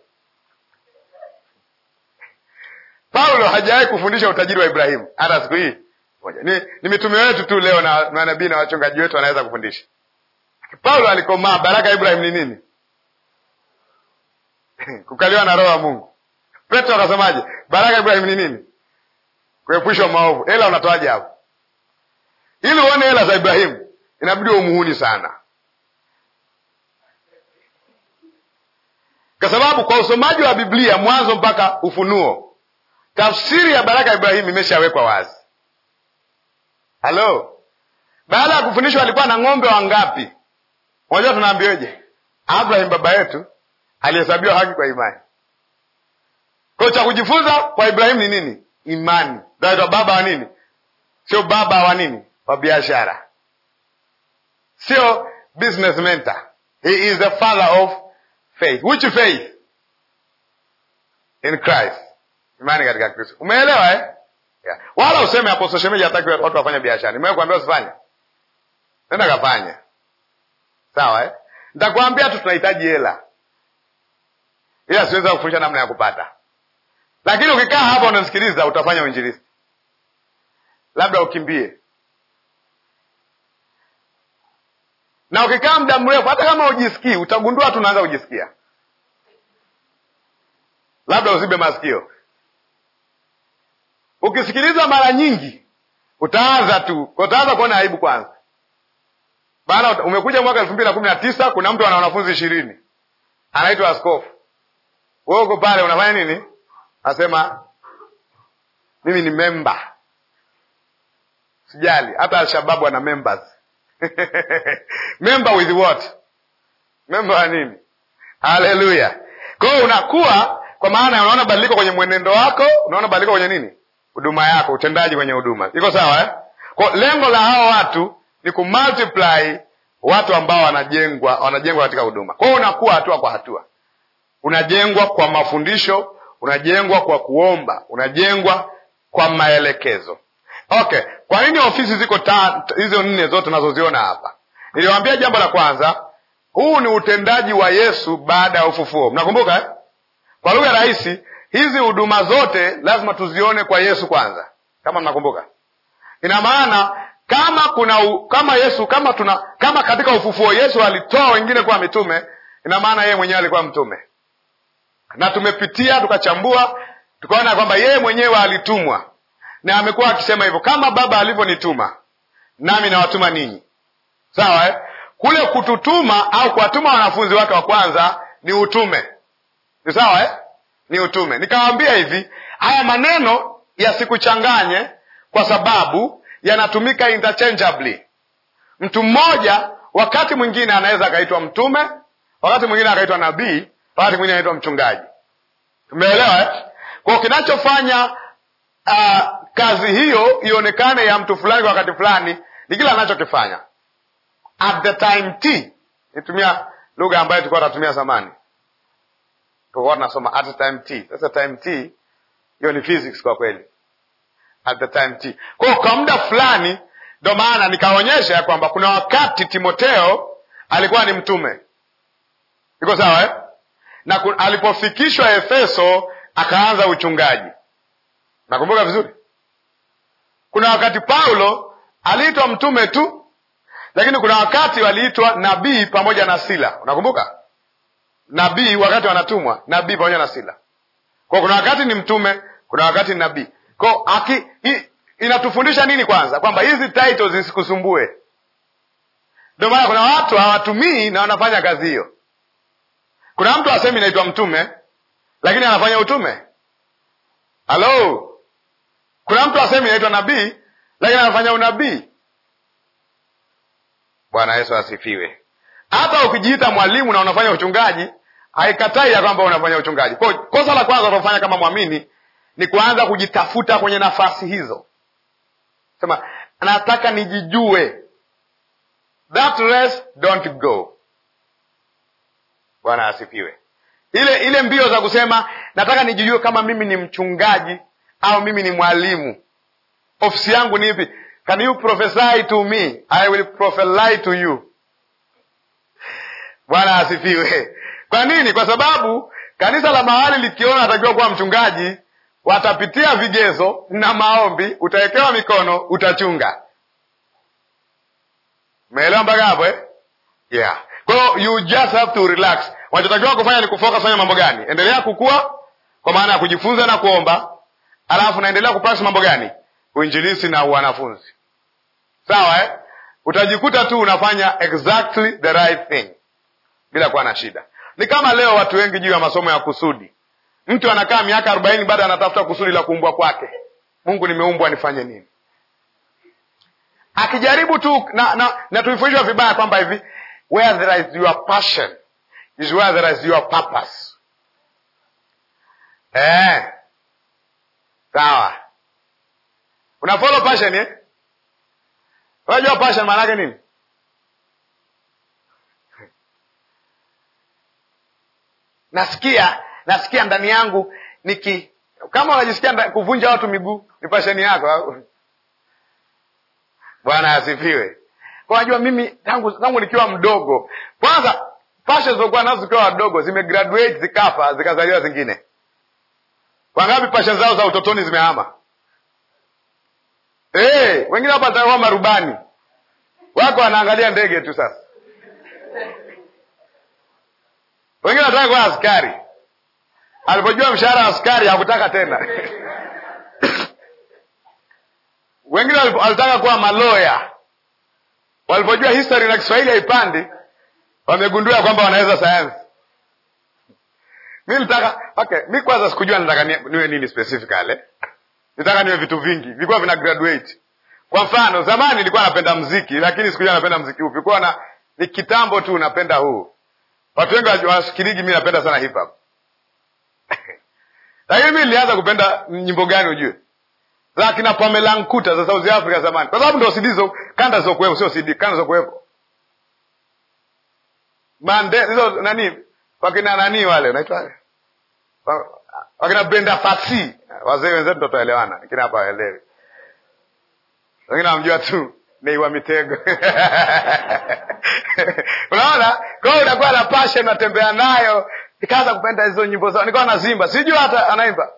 Paulo hajawahi kufundisha utajiri wa Ibrahimu hata siku hii moja. Ni, ni mitume wetu tu leo na manabii na wachungaji wetu wanaweza kufundisha. Paulo alikomaa, baraka ya Ibrahimu ni nini? kukaliwa na roho ya Mungu. Petro akasemaje? baraka ya Ibrahimu ni nini? kuepushwa maovu. Hela unatoaje hapo? Ili uone hela za Ibrahimu inabidi umuhuni sana, kwa sababu kwa usomaji wa Biblia mwanzo mpaka Ufunuo Tafsiri ya baraka ya Ibrahimu imeshawekwa wazi. Halo, baada ya kufundishwa alikuwa na ng'ombe wangapi? Unajua tunaambiweje? Abraham baba yetu alihesabiwa haki kwa imani. Kwa cha kujifunza kwa Ibrahimu ni nini? Imani. Ndio baba wa nini? Sio baba wa nini? Wa biashara, sio business mentor. He is the father of faith. Which faith? In Christ imani katika Kristo. Umeelewa eh? Yeah. Wala useme hapo social media hataki watu wafanye biashara. nimekuambia usifanye. Nenda kafanya. Sawa eh? Nitakwambia tu tunahitaji hela. Ila siweza kufundisha namna ya kupata. Lakini ukikaa hapa unasikiliza utafanya uinjilisti. Labda ukimbie. Na ukikaa muda mrefu hata kama ujisikii utagundua tu unaanza kujisikia. Labda uzibe masikio. Ukisikiliza mara nyingi utaanza tu, utaanza kuona aibu kwanza. Bana, umekuja mwaka elfu mbili na kumi na tisa, kuna mtu ana wanafunzi ishirini anaitwa askofu, wewe uko pale unafanya nini? nasema mimi ni memba. Sijali, hata Alshababu ana members member with what? member wa nini? Haleluya! Kwa hiyo unakuwa, kwa maana unaona badiliko kwenye mwenendo wako, unaona badiliko kwenye nini huduma yako, utendaji kwenye huduma. Iko sawa eh? Kwa lengo la hawa watu ni kumultiply watu ambao wanajengwa wanajengwa katika huduma. Kwa hiyo unakuwa hatua kwa hatua, unajengwa kwa mafundisho, unajengwa kwa kuomba, unajengwa kwa maelekezo. Okay, kwa nini ofisi ziko hizo nne zote nazoziona hapa? Niliwaambia jambo la kwanza, huu ni utendaji wa Yesu baada ya ufufuo. Mnakumbuka eh? Kwa lugha rahisi, Hizi huduma zote lazima tuzione kwa Yesu kwanza, kama mnakumbuka. Ina maana kama kuna u, kama Yesu kama tuna kama katika ufufuo Yesu alitoa wengine kuwa mitume, ina maana yeye mwenyewe alikuwa mtume, na tumepitia tukachambua, tukaona kwamba yeye mwenyewe alitumwa na amekuwa akisema hivyo, kama Baba alivyonituma nami nawatuma ninyi. Sawa eh? Kule kututuma au kuwatuma wanafunzi wake wa kwanza ni utume, ni sawa eh? ni utume. Nikawaambia hivi, haya maneno yasikuchanganye, kwa sababu yanatumika interchangeably. Mtu mmoja wakati mwingine anaweza akaitwa mtume, wakati mwingine akaitwa nabii, wakati mwingine anaitwa mchungaji. Tumeelewa eh? Kwa kinachofanya uh, kazi hiyo ionekane ya mtu fulani kwa wakati fulani ni kile anachokifanya at the time t nitumia lugha ambayo tulikuwa tunatumia zamani tulikuwa tunasoma at time t. Sasa time t hiyo ni physics kwa kweli, at the time t. Kwa hiyo kwa muda fulani, ndo maana nikaonyesha ya kwamba kuna wakati Timoteo alikuwa ni mtume, iko sawa eh? na alipofikishwa Efeso akaanza uchungaji, nakumbuka vizuri. Kuna wakati Paulo aliitwa mtume tu, lakini kuna wakati waliitwa nabii pamoja na Sila, unakumbuka? nabii wakati wanatumwa nabii pamoja na sila kwa kuna wakati ni mtume, kuna wakati ni nabii. Kwa aki inatufundisha nini? Kwanza kwamba hizi titles zisikusumbue. Ndio maana kuna watu hawatumii na wanafanya kazi hiyo. Kuna mtu asemi naitwa mtume, lakini anafanya utume. Halo, kuna mtu asemi naitwa nabii, lakini anafanya unabii. Bwana Yesu asifiwe. Hata ukijiita mwalimu na unafanya uchungaji, haikatai ya kwamba unafanya uchungaji. Kwa kosa la kwanza utafanya kama mwamini ni kuanza kujitafuta kwenye nafasi hizo, sema nataka nijijue, that race don't go. Bwana asifiwe. Ile ile mbio za kusema nataka nijijue kama mimi ni mchungaji au mimi ni mwalimu, ofisi yangu ni ipi? Can you prophesy to me? I will prophesy to you Bwana asifiwe. Kwa nini? Kwa sababu kanisa la mahali likiona atakiwa kuwa mchungaji, watapitia vigezo na maombi, utawekewa mikono, utachunga. Umeelewa mpaka hapo eh? Yeah. Kwa hiyo you just have to relax. Wanachotakiwa kufanya ni kufocus kwenye mambo gani? Endelea kukua kwa maana ya kujifunza na kuomba, alafu naendelea kupasi mambo gani? Uinjilisi na wanafunzi. Sawa eh? Utajikuta tu unafanya exactly the right thing bila kuwa na shida. Ni kama leo watu wengi juu ya masomo ya kusudi, mtu anakaa miaka arobaini bado anatafuta kusudi la kuumbwa kwake. Mungu, nimeumbwa nifanye nini? Akijaribu tu na, na, na tuifundishwa vibaya kwamba hivi where there is your passion is where there is your purpose. Eh, sawa, una follow passion eh? Unajua passion maana yake nini? nasikia nasikia ndani yangu niki kama unajisikia kuvunja watu miguu, ni pasheni yako. Bwana asifiwe. Kwa najua mimi tangu tangu nikiwa mdogo, kwanza pashe zilizokuwa nazo zikiwa wadogo zimegraduate, zikafa, zikazaliwa zingine. Wangapi pashe zao za utotoni zimehama? Hey, eh, wengine hapa watakuwa marubani wako, wanaangalia ndege tu sasa wengine wanataka kuwa askari, alipojua mshahara wa askari hakutaka tena. Wengine walitaka kuwa maloya, walipojua history na Kiswahili haipandi, wamegundua kwamba wanaweza sayansi. Mi nitaka okay, mi kwanza sikujua nataka niwe nini specifically, nitaka niwe vitu vingi, vilikuwa vina graduate kwa mfano zamani nilikuwa napenda mziki, lakini sikujua napenda mziki upi. Kuwa na ni kitambo tu napenda huu, Watu wengi hawasikiligi, mi napenda sana hip hop lakini mi nilianza kupenda nyimbo gani ujue za Pamela Nkuta za South Africa zamani, kwa sababu ndo CD zo kanda zokuwepo, sio CD, kanda zokuwepo Mande hizo nani, wakina nani wale unaitwa wakina benda fasi wazee wenzetu ndo tutaelewana, lakini hapa waelewi, wengine wamjua tu Neiwa Mitego kasha natembea nayo, nikaanza kupenda hizo nyimbo zao, nikawa nazimba, sijui hata anaimba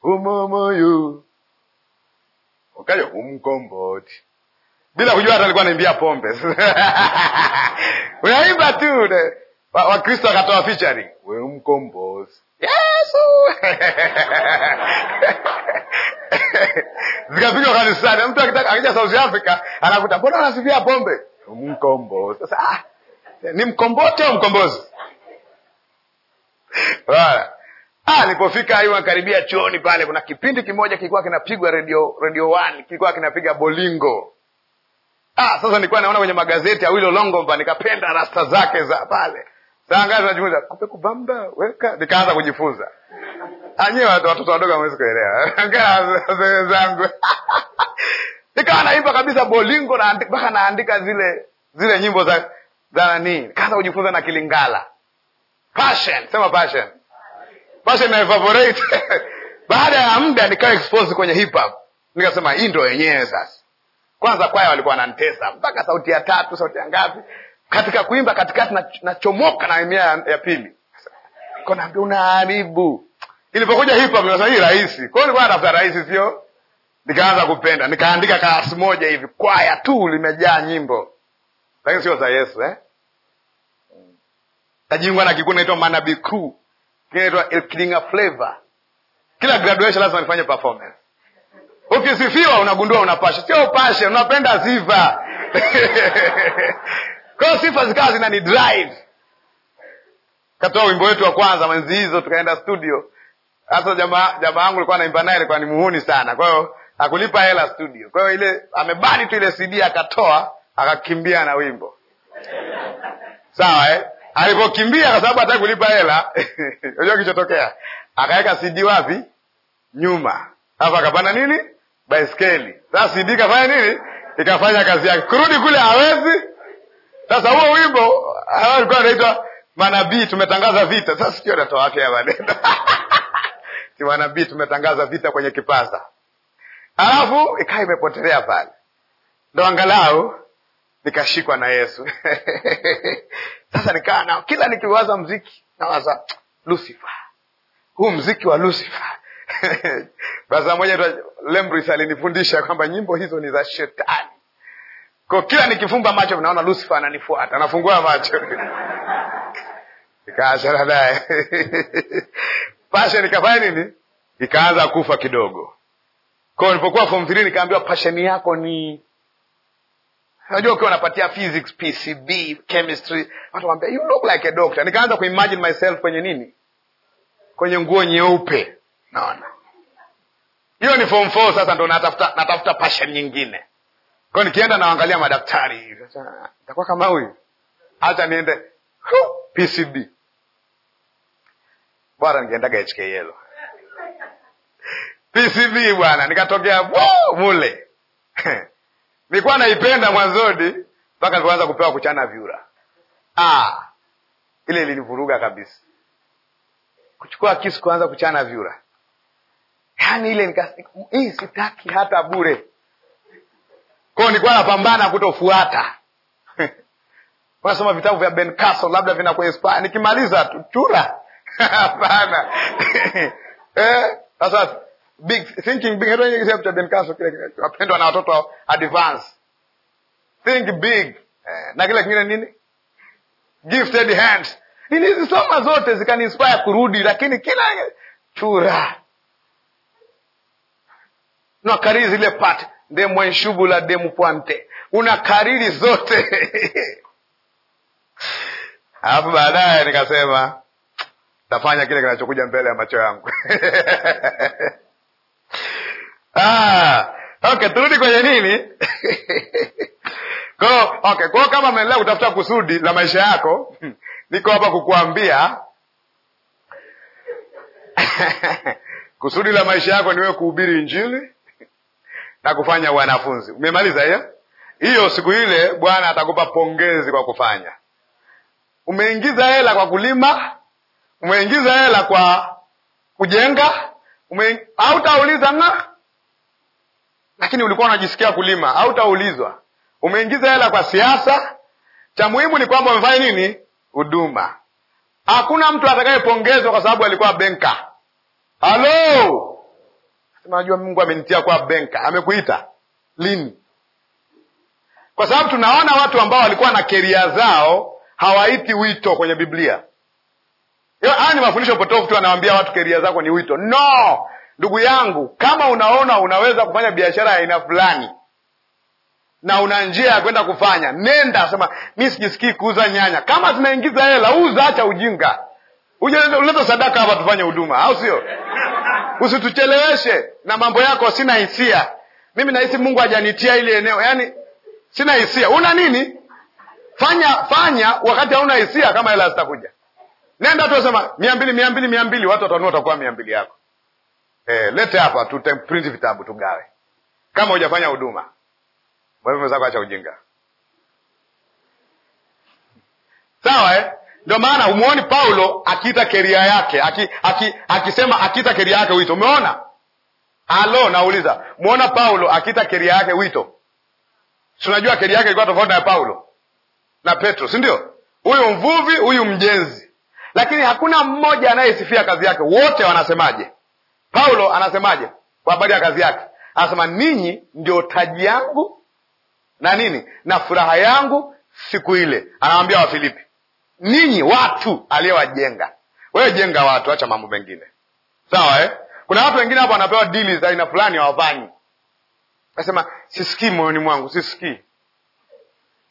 humo moyo ukaja umkomboti bila kujua hata alikuwa naimbia pombe unaimba tu Wakristo wa akatoa fichari we mkombozi Yesu zikapigwa kanisani. Mtu akija South Africa anakuta mbona anasifia pombe mkombozi sasa. Ah, ni mkombote au mkombozi? Wala ah, nilipofika hiyo nakaribia chuoni pale, kuna kipindi kimoja kilikuwa kinapigwa radio radio 1 kilikuwa kinapiga bolingo. Ah, sasa nilikuwa naona kwenye magazeti ya Awilo Longomba, nikapenda rasta zake za pale. Sasa ngazi najifunza kupe kubamba weka, nikaanza kujifunza. Anyewe ah, watoto wadogo hawezi kuelewa. Ngazi zangu. Nikawa naimba kabisa bolingo na mpaka naandika zile zile nyimbo za dhana nini? Kaza kujifunza na Kilingala. Passion, sema passion. Passion na evaporate. Baada ya muda nikawa expose kwenye hip hop. Nikasema hii ndio yenyewe sasa. Kwanza kwaya walikuwa wananitesa mpaka sauti ya tatu, sauti ya ngapi? Katika kuimba katikati nachomoka na mimea ya, ya pili. Kona unaharibu. Ilipokuja hip hop nikasema hii rahisi. Kwa hiyo nilikuwa natafuta rahisi sio? Nikaanza kupenda, nikaandika kaasi moja hivi, kwaya tu limejaa nyimbo lakini sio za Yesu eh? Najiunga na kikundi naitwa manabii kuu, naitwa Elkilinga Flavor. Kila graduation lazima nifanye performance. Ukisifiwa unagundua unapasha, sio upashe, unapenda sifa kwayo sifa zikawa zinani drive. Katoa wimbo wetu wa kwanza mwenzi hizo, tukaenda studio. Hasa jamaa jamaa yangu alikuwa anaimba naye, alikuwa ni muhuni sana, kwa hiyo hakulipa hela studio, kwa hiyo ile amebani tu ile CD akatoa akakimbia na wimbo sawa eh? Alipokimbia kwa sababu hataki kulipa hela unajua kilichotokea, akaweka CD wapi? Nyuma, alafu akapanda nini? Baiskeli. Sasa CD ikafanya nini? Ikafanya kazi yake, kurudi kule hawezi. Sasa huo wimbo alikuwa anaitwa manabii tumetangaza vita. Sasa sikio natoa wake ya maneno si manabii tumetangaza vita kwenye kipaza, alafu ikawa imepotelea pale, ndo angalau nikashikwa na Yesu sasa nikaa na kila nikiwaza mziki nawaza Lucifer, huu mziki wa Lucifer Baza moja Lembris alinifundisha kwamba nyimbo hizo ni za shetani. Kwa kila nikifumba macho naona Lucifer ananifuata, anafungua macho nikaachana naye pashen ikafanya nini, ikaanza kufa kidogo. Kwa nilipokuwa form 3 nikaambiwa pasheni yako ni unajua ukiwa unapatia physics pcb chemistry watu wambia you look like a doctor nikaanza kuimagine myself kwenye nini kwenye nguo nyeupe naona hiyo ni form four sasa ndo natafuta natafuta passion nyingine kwao nikienda nawangalia madaktari hivi kama huyu hata niende pcb bwana nikiendaga hkl pcb bwana nikatokea mule Nilikuwa naipenda mwanzoni mpaka nilipoanza kupewa kuchana vyura. Ah, ile ilinivuruga kabisa, kuchukua kisu kuanza kuchana vyura, yaani ile nika hii sitaki hata bure. hiyo nilikuwa napambana kutofuata unasoma vitabu vya Ben Carson labda vinakuinspire, nikimaliza tu chura hapana. Eh, sasa big thinking big, hata cha Ben kile na watoto advance. Think big eh, na kile kingine nini, gifted hands. zote zikaniinspire kurudi, lakini kila chura nakariri zile part de mwenshubula de mpwante una kariri zote alafu baadaye nikasema tafanya kile kinachokuja mbele ya macho yangu Ah, okay, turudi kwenye nini? Kwa okay, kwa kama mnaendelea kutafuta kusudi la maisha yako, niko hapa kukuambia kusudi la maisha yako niwe kuhubiri Injili na kufanya wanafunzi. Umemaliza hiyo hiyo? Siku ile Bwana atakupa pongezi kwa kufanya. Umeingiza hela kwa kulima, umeingiza hela kwa kujenga, ume... hautauliza na lakini ulikuwa unajisikia kulima, au utaulizwa umeingiza hela kwa siasa. Cha muhimu ni kwamba umefanya nini? Huduma. Hakuna mtu atakayepongezwa kwa sababu alikuwa benka. Halo, najua Mungu amenitia kwa benka. Amekuita lini? Kwa sababu tunaona watu ambao walikuwa na keria zao hawaiti wito kwenye Biblia. Haya ni mafundisho potofu tu, anawambia watu keria zako ni wito. No, Ndugu yangu, kama unaona unaweza kufanya biashara ya aina fulani na una njia ya kwenda kufanya, nenda sema, mi sijisikii kuuza nyanya. Kama zinaingiza hela, uza, acha ujinga, uleta sadaka hapa tufanye huduma, au sio? Usitucheleweshe na mambo yako. Sina hisia mimi, nahisi Mungu hajanitia ili eneo, yani sina hisia. Una nini? Fanya fanya wakati hauna hisia, kama hela zitakuja. Nenda tu sema mia mbili, mia mbili, mia mbili, watu watanua, watakuwa mia mbili yako eh, lete hapa tutaprinti vitabu tugawe, kama hujafanya huduma. Mwenzako acha ujinga, sawa eh? Ndio maana umuoni Paulo akiita keria yake aki, aki, akisema akiita keria yake wito. Umeona halo, nauliza muona Paulo akiita keria yake wito? Tunajua keria yake ilikuwa tofauti na Paulo na Petro, si ndio? Huyu mvuvi, huyu mjenzi, lakini hakuna mmoja anayesifia kazi yake, wote wanasemaje? Paulo anasemaje kwa habari ya kazi yake? Anasema ninyi ndio taji yangu na nini na furaha yangu siku ile. Anawambia Wafilipi, ninyi watu aliyewajenga. Wewe jenga watu, acha mambo mengine, sawa eh? Kuna watu wengine hapo wanapewa dili za aina fulani hawafanyi, asema sisikii moyoni mwangu, sisikii.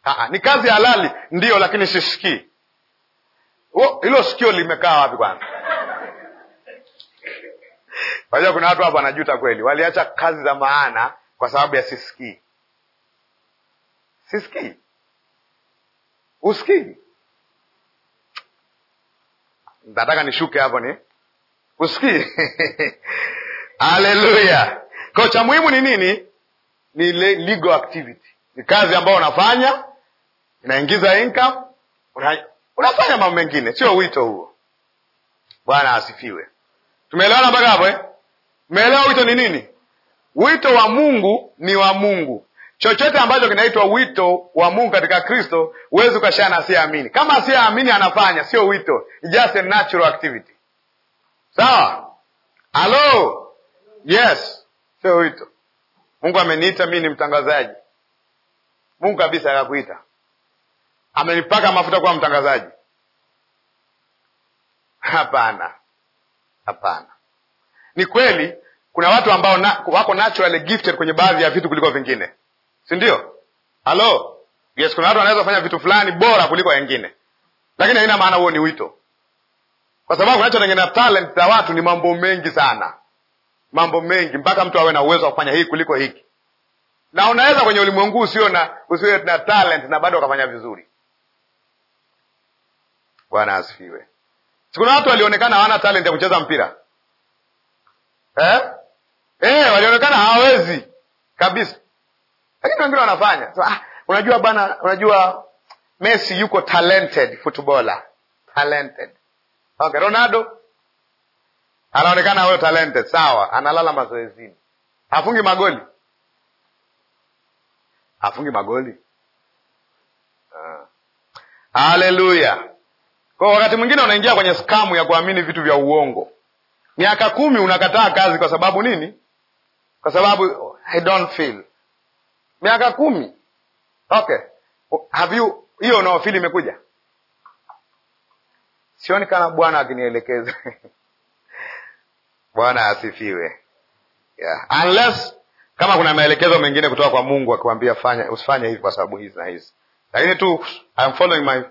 Ah, ah, ni kazi halali ndio, lakini sisikii. Hilo sikio limekaa wapi kwanza? Unajua kuna watu hapa wanajuta kweli, waliacha kazi za maana kwa sababu ya sisikii. Sisikii, usikii. Nataka nishuke hapo, ni usikii. Haleluya! Kwa cha muhimu ni nini? Ni legal activity, ni kazi ambayo unafanya inaingiza income, una, unafanya mambo mengine, sio wito huo. Bwana asifiwe. Tumeelewana mpaka hapo eh? Umeelewa wito ni nini? Wito wa Mungu ni wa Mungu. Chochote ambacho kinaitwa wito wa Mungu katika Kristo huwezi ukashana asiyeamini. Kama asiyeamini anafanya, sio wito, just a natural activity. Sawa? Halo, yes, sio wito. Mungu ameniita mi ni mtangazaji. Mungu kabisa akakuita, amenipaka mafuta kuwa mtangazaji? Hapana, hapana. Ni kweli kuna watu ambao na, wako naturally gifted kwenye baadhi ya vitu kuliko vingine, si ndio? Halo, yes, kuna watu wanaweza kufanya vitu fulani bora kuliko wengine, lakini haina maana huo ni wito, kwa sababu unachotengeneza talent za watu ni mambo mengi sana, mambo mengi mpaka mtu awe na uwezo wa kufanya hii kuliko hiki, na unaweza kwenye ulimwengu usio na usio na talent na bado ukafanya vizuri. Bwana asifiwe. Sikuna watu walionekana hawana talent ya kucheza mpira eh? Eh, walionekana hawawezi kabisa, lakini wengine wanafanya. So, ah, unajua bana, unajua Messi yuko talented footballer, talented. Okay, Ronaldo anaonekana huyo talented, sawa, analala mazoezini, hafungi magoli, hafungi magoli. Ah. Haleluya! Kwa wakati mwingine unaingia kwenye skamu ya kuamini vitu vya uongo miaka kumi unakataa kazi kwa sababu nini? Kwa sababu I don't feel. Miaka kumi, okay. Have you hiyo unaofili imekuja? Sioni kama Bwana akinielekeza Bwana asifiwe. Yeah. Unless kama kuna maelekezo mengine kutoka kwa Mungu akiwambia fanya usifanye hivi kwa sababu hizi na hizi, lakini tu I'm following my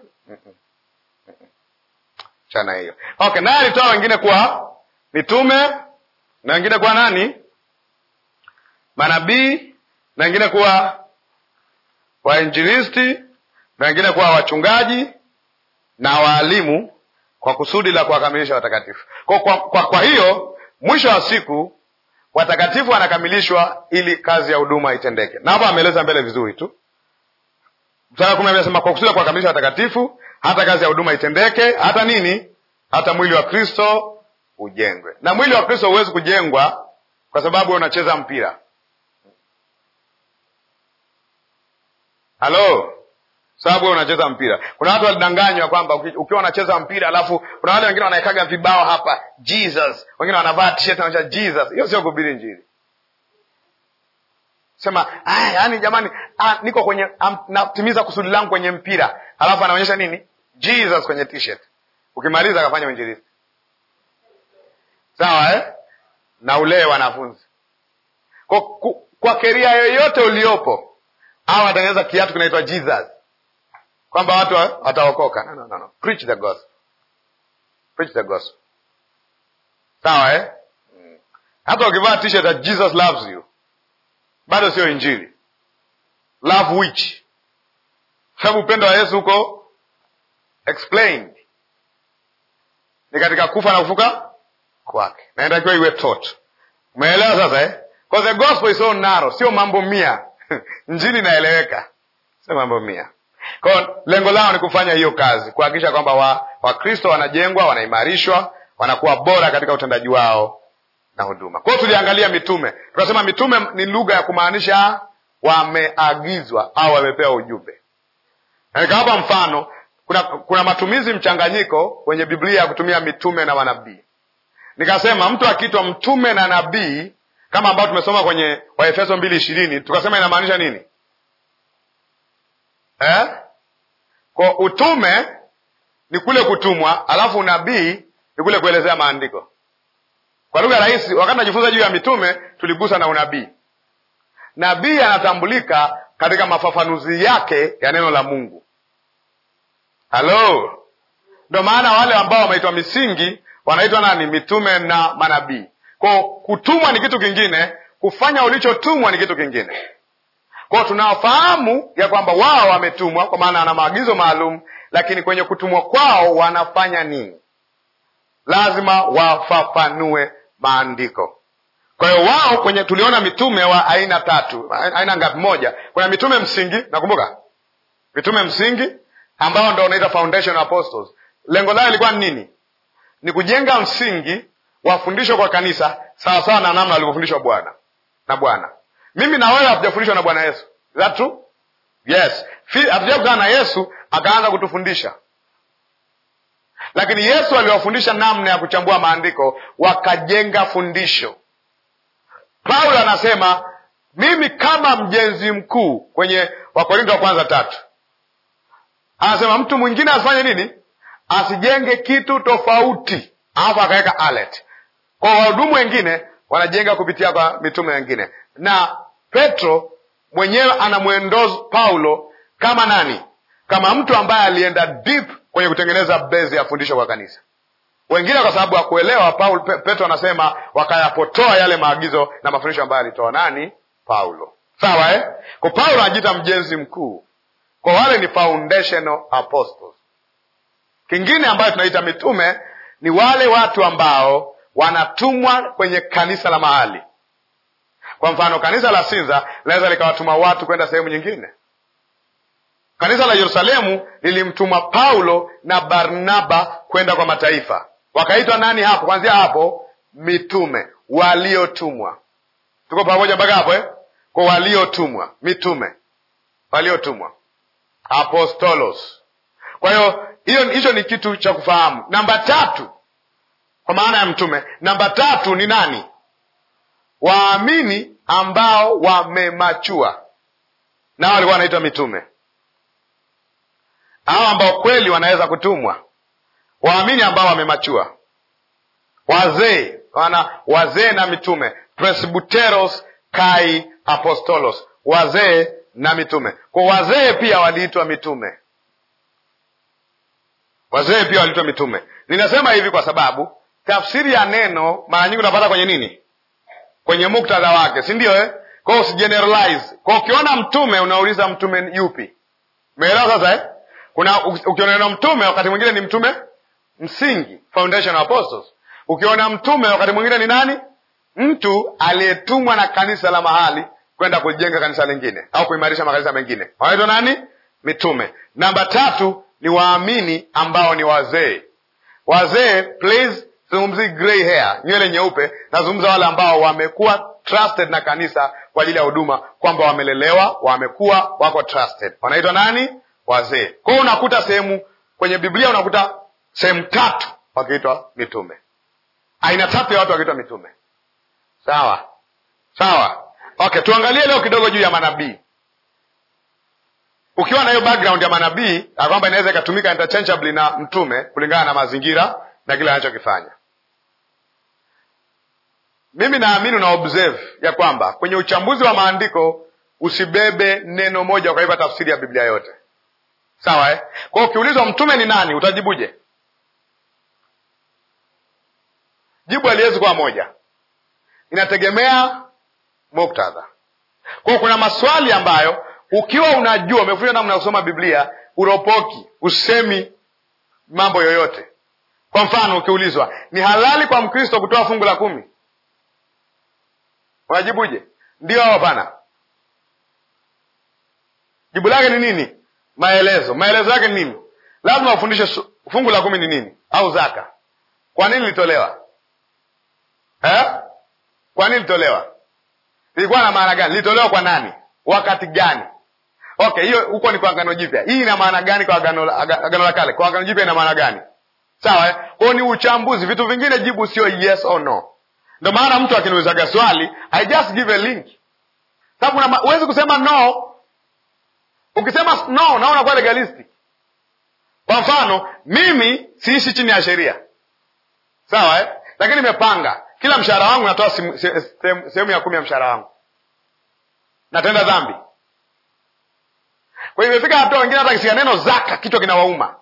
chana hiyo. Okay, naye alitoa wengine kuwa mitume na wengine kuwa nani? Manabii na wengine kuwa wainjilisti na wengine kuwa wachungaji na waalimu kwa kusudi la kuwakamilisha watakatifu. Kwa, kwa, kwa, kwa hiyo mwisho wa siku watakatifu wanakamilishwa ili kazi ya huduma itendeke, na hapo ameeleza mbele vizuri tu. Mstari wa kumi anasema kwa kusudi la kuwakamilisha watakatifu hata kazi ya huduma itendeke, hata nini, hata mwili wa Kristo ujengwe. Na mwili wa Kristo huwezi kujengwa kwa sababu unacheza mpira. Halo, sababu unacheza mpira. Kuna watu walidanganywa kwamba ukiwa unacheza mpira alafu kuna wale wengine wanaekaga vibao hapa Jesus, wengine wanavaa t-shirt Jesus. Hiyo sio kuhubiri Injili. Sema yaani, jamani ah, niko kwenye am, natimiza kusudi langu kwenye mpira, alafu anaonyesha nini Jesus kwenye t-shirt. Ukimaliza akafanya uinjilisti sawa eh? na ulee wanafunzi kwa, kwa keria yoyote uliopo au atengeneza kiatu kinaitwa Jesus kwamba watu wataokoka. No, no, no, no. Preach the gospel, preach the gospel, sawa eh? Mm. Hata ukivaa t-shirt that Jesus loves you bado sio Injili. Love which, sababu upendo wa Yesu huko explained ni katika kufa na kufuka kwake, naenda kiwa iwe tot. Umeelewa sasa eh? Cause the gospel is so narrow, sio mambo mia njini inaeleweka, sio mambo mia kwao. Lengo lao ni kufanya hiyo kazi, kuhakikisha kwamba Wakristo wa wanajengwa, wanaimarishwa, wanakuwa bora katika utendaji wao na huduma. kwao tuliangalia mitume, tukasema mitume ni lugha ya kumaanisha wameagizwa au wamepewa ujumbe, nikawapa mfano. Kuna, kuna matumizi mchanganyiko kwenye Biblia ya kutumia mitume na manabii. Nikasema mtu akiitwa mtume na nabii kama ambao tumesoma kwenye Waefeso mbili ishirini tukasema inamaanisha nini eh? Kwa utume ni kule kutumwa, alafu nabii ni kule kuelezea maandiko kwa lugha rahisi. Wakati najifunza juu ya mitume tuligusa na unabii. Nabii anatambulika katika mafafanuzi yake ya neno la Mungu. Halo, ndo maana wale ambao wameitwa misingi wanaitwa nani? Mitume na manabii. Kwa kutumwa ni kitu kingine, kufanya ulichotumwa ni kitu kingine. Kwao tunawafahamu ya kwamba wao wametumwa, kwa maana wana maagizo maalum, lakini kwenye kutumwa kwao wanafanya nini? Lazima wafafanue maandiko. Kwa hiyo wao kwenye, tuliona mitume wa aina tatu, aina ngapi? Moja, kuna mitume msingi, nakumbuka mitume msingi ambao ndo wanaitwa foundation apostles. Lengo lao ilikuwa ni nini? ni kujenga msingi wa fundisho kwa kanisa sawasawa na namna alivyofundishwa Bwana na Bwana. Mimi na wewe hatujafundishwa na Bwana Yesu, is that true? Yes, hatujakutana na Yesu akaanza kutufundisha, lakini Yesu aliwafundisha namna ya kuchambua maandiko, wakajenga fundisho. Paulo anasema mimi kama mjenzi mkuu kwenye Wakorintho wa kwanza tatu, anasema mtu mwingine asifanye nini? asijenge kitu tofauti, alafu akaweka alert kwa wahudumu wengine wanajenga kupitia kwa mitume wengine, na Petro mwenyewe anamwendoza Paulo kama nani? Kama mtu ambaye alienda deep kwenye kutengeneza bezi ya fundisho kwa kanisa. Wengine kwa sababu ya kuelewa Petro anasema wakayapotoa yale maagizo na mafundisho ambayo alitoa nani? Paulo. Sawa eh? Kwa Paulo anajiita mjenzi mkuu, kwa wale ni foundational apostles. Kingine ambayo tunaita mitume ni wale watu ambao wanatumwa kwenye kanisa la mahali. Kwa mfano, kanisa la Sinza linaweza likawatuma watu kwenda sehemu nyingine. Kanisa la Yerusalemu lilimtuma Paulo na Barnaba kwenda kwa mataifa, wakaitwa nani hapo? Kwanzia hapo mitume, waliotumwa. Tuko pamoja mpaka hapo eh? Kwa waliotumwa, mitume waliotumwa, apostolos kwa hiyo hiyo, hicho ni kitu cha kufahamu. Namba tatu, kwa maana ya mtume, namba tatu ni nani? Waamini ambao wamemachua, nao walikuwa wanaitwa mitume, hao ambao kweli wanaweza kutumwa. Waamini ambao wamemachua, wazee wana wazee na mitume, presbuteros kai apostolos, wazee na mitume. Kwa wazee pia waliitwa mitume wazee pia waliitwa mitume. Ninasema hivi kwa sababu tafsiri ya neno mara nyingi unapata kwenye nini, kwenye muktadha wake, si ndio eh? Kwa hiyo usigeneralize. Kwa ukiona mtume unauliza mtume yupi? Umeelewa sasa eh? Kuna ukiona neno mtume, wakati mwingine ni mtume msingi, foundation of apostles. Ukiona mtume, wakati mwingine ni nani? Mtu aliyetumwa na kanisa la mahali kwenda kujenga kanisa lingine au kuimarisha makanisa mengine, wanaitwa nani? Mitume. Namba tatu, ni waamini ambao ni wazee. Wazee please, zungumzi grey hair, nywele nyeupe, nazungumza wale ambao wamekuwa trusted na kanisa kwa ajili ya huduma, kwamba wamelelewa, wamekuwa wako trusted, wanaitwa nani? Wazee. Kwa hiyo unakuta sehemu kwenye Biblia unakuta sehemu tatu wakiitwa mitume, aina tatu ya watu wakiitwa mitume. Sawa sawa, okay, tuangalie leo kidogo juu ya manabii ukiwa na hiyo background ya manabii na kwamba inaweza ikatumika interchangeably na mtume kulingana na mazingira na kile anachokifanya. Mimi naamini na observe ya kwamba kwenye uchambuzi wa maandiko usibebe neno moja ukaipa tafsiri ya Biblia yote, sawa eh? Kwa hiyo ukiulizwa mtume ni nani, utajibuje? Jibu haliwezi kuwa moja, inategemea muktadha. Kwa hiyo kuna maswali ambayo ukiwa unajua umefundishwa namna ya kusoma Biblia, uropoki, usemi mambo yoyote. Kwa mfano, ukiulizwa ni halali kwa Mkristo kutoa fungu la kumi, unajibuje? Ndio au hapana? Jibu lake ni nini? Maelezo, maelezo yake ni nini? Lazima ufundishe fungu la kumi ni nini, au zaka. Kwa nini lilitolewa eh? Kwa nini litolewa ilikuwa na maana gani? Lilitolewa kwa nani? Wakati gani? Okay, hiyo huko ni kwa agano jipya. Hii ina maana gani kwa agano, agano la kale? Kwa agano jipya ina maana gani? Sawa, eh? kwao ni uchambuzi. Vitu vingine jibu sio yes or no. Ndo maana mtu akiniulizaga swali I just give a link, sababu huwezi kusema no. Ukisema no, na unakuwa legalistic. Kwa mfano, mimi siishi chini ya sheria, sawa eh? Lakini nimepanga kila mshahara wangu natoa sehemu ya kumi ya mshahara wangu, natenda dhambi kwa hiyo imefika hatua wengine hata kisikia neno zaka kichwa kinawauma,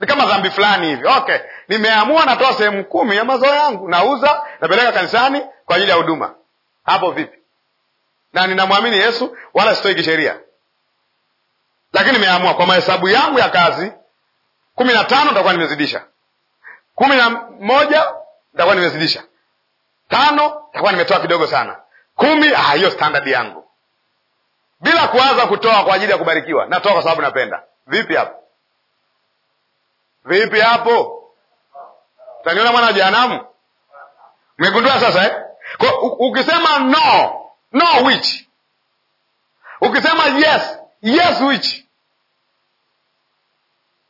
ni kama dhambi fulani hivi. Okay, nimeamua natoa sehemu kumi ya mazao yangu, nauza, napeleka kanisani kwa ajili ya huduma. Hapo vipi? Na ninamwamini Yesu wala sitoi kisheria, lakini nimeamua kwa mahesabu yangu ya kazi kumi na tano nitakuwa nimezidisha, kumi na moja nitakuwa nimezidisha, tano nitakuwa nimetoa kidogo sana, kumi ah, hiyo ah, standard yangu bila kuanza kutoa kwa ajili ya kubarikiwa. Natoa kwa sababu napenda. Vipi hapo? Vipi hapo? taniona mwana wa jehanamu? Mmegundua sasa eh? Kwa, ukisema no, no which, ukisema yes, yes which,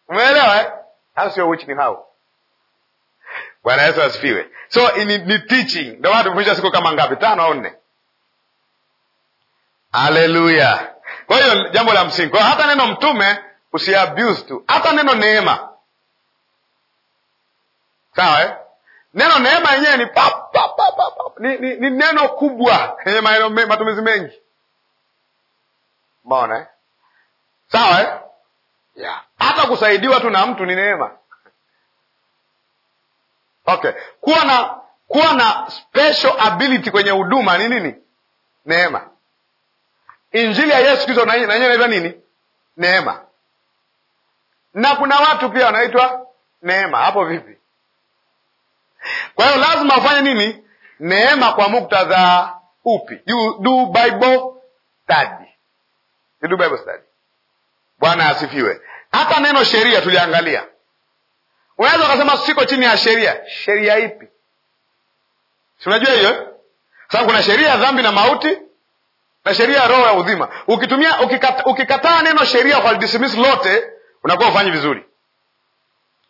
umeelewa eh? Au sio? Which ni hao. Bwana Yesu asifiwe. So ni teaching, ndio maana tumefundisha siku kama ngapi, tano au nne Haleluya! Kwa hiyo jambo la msingi, kwa hiyo hata neno mtume usiabuse tu, hata neno neema. Sawa eh? Neno neema yenyewe ni Ni, ni, ni neno kubwa yenye maneno matumizi mengi, mbona eh? Sawa eh? Yeah. Hata kusaidiwa tu na mtu ni neema. Okay, kuwa na kuwa na special ability kwenye huduma ni nini? Neema. Injili ya Yesu Kristo nanyewe naitwa nini? Neema. Na kuna watu pia wanaitwa neema. Hapo vipi? Kwa hiyo lazima ufanye nini? Neema kwa muktadha upi? You do Bible study. You do Bible study. Bwana asifiwe. Hata neno sheria tuliangalia, unaweza ukasema siko chini ya sheria. Sheria ipi? Si unajua hiyo, sababu kuna sheria ya dhambi na mauti na sheria ya roho ya udhima. Ukitumia ukikata, ukikataa neno sheria kwa dismiss lote, unakuwa ufanyi vizuri.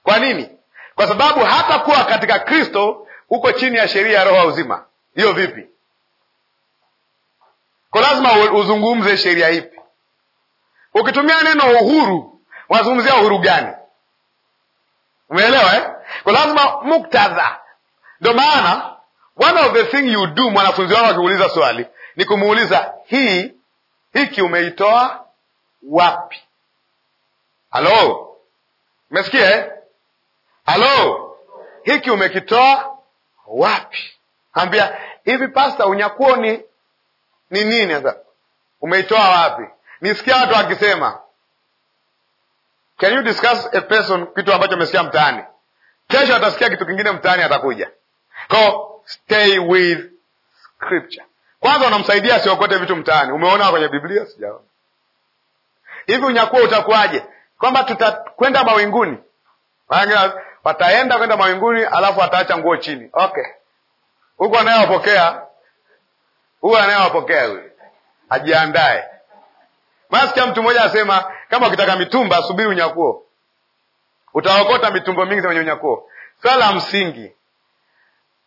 Kwa nini? Kwa sababu hata kuwa katika Kristo uko chini ya sheria ya roho ya uzima. Hiyo vipi? Kwa lazima uzungumze sheria ipi? Ukitumia neno uhuru, unazungumzia uhuru gani? Umeelewa eh? Kwa lazima muktadha. Ndio maana one of the thing you do, mwanafunzi wangu akiuliza swali ni kumuuliza hii hiki umeitoa wapi? Halo, umesikia eh? Halo, hiki umekitoa wapi? Ambia hivi pasta, unyakuo ni ni nini sasa? Umeitoa wapi? Nisikia watu wakisema Can you discuss a person, kitu ambacho amesikia mtaani. Kesho atasikia kitu kingine mtaani, atakuja. Go stay with scripture. Kwanza unamsaidia asiokote vitu mtaani. Umeona kwenye Biblia? Sijaona. Hivi unyakuwa utakuwaje? Kwamba tutakwenda mawinguni, wataenda kwenda mawinguni, alafu ataacha nguo chini. Okay, huku anayewapokea huyu anayewapokea huyu ajiandae. Masikia mtu mmoja asema kama ukitaka mitumba subiri unyakuo, utaokota mitumbo mingi kwenye unyakuo. Swala la msingi,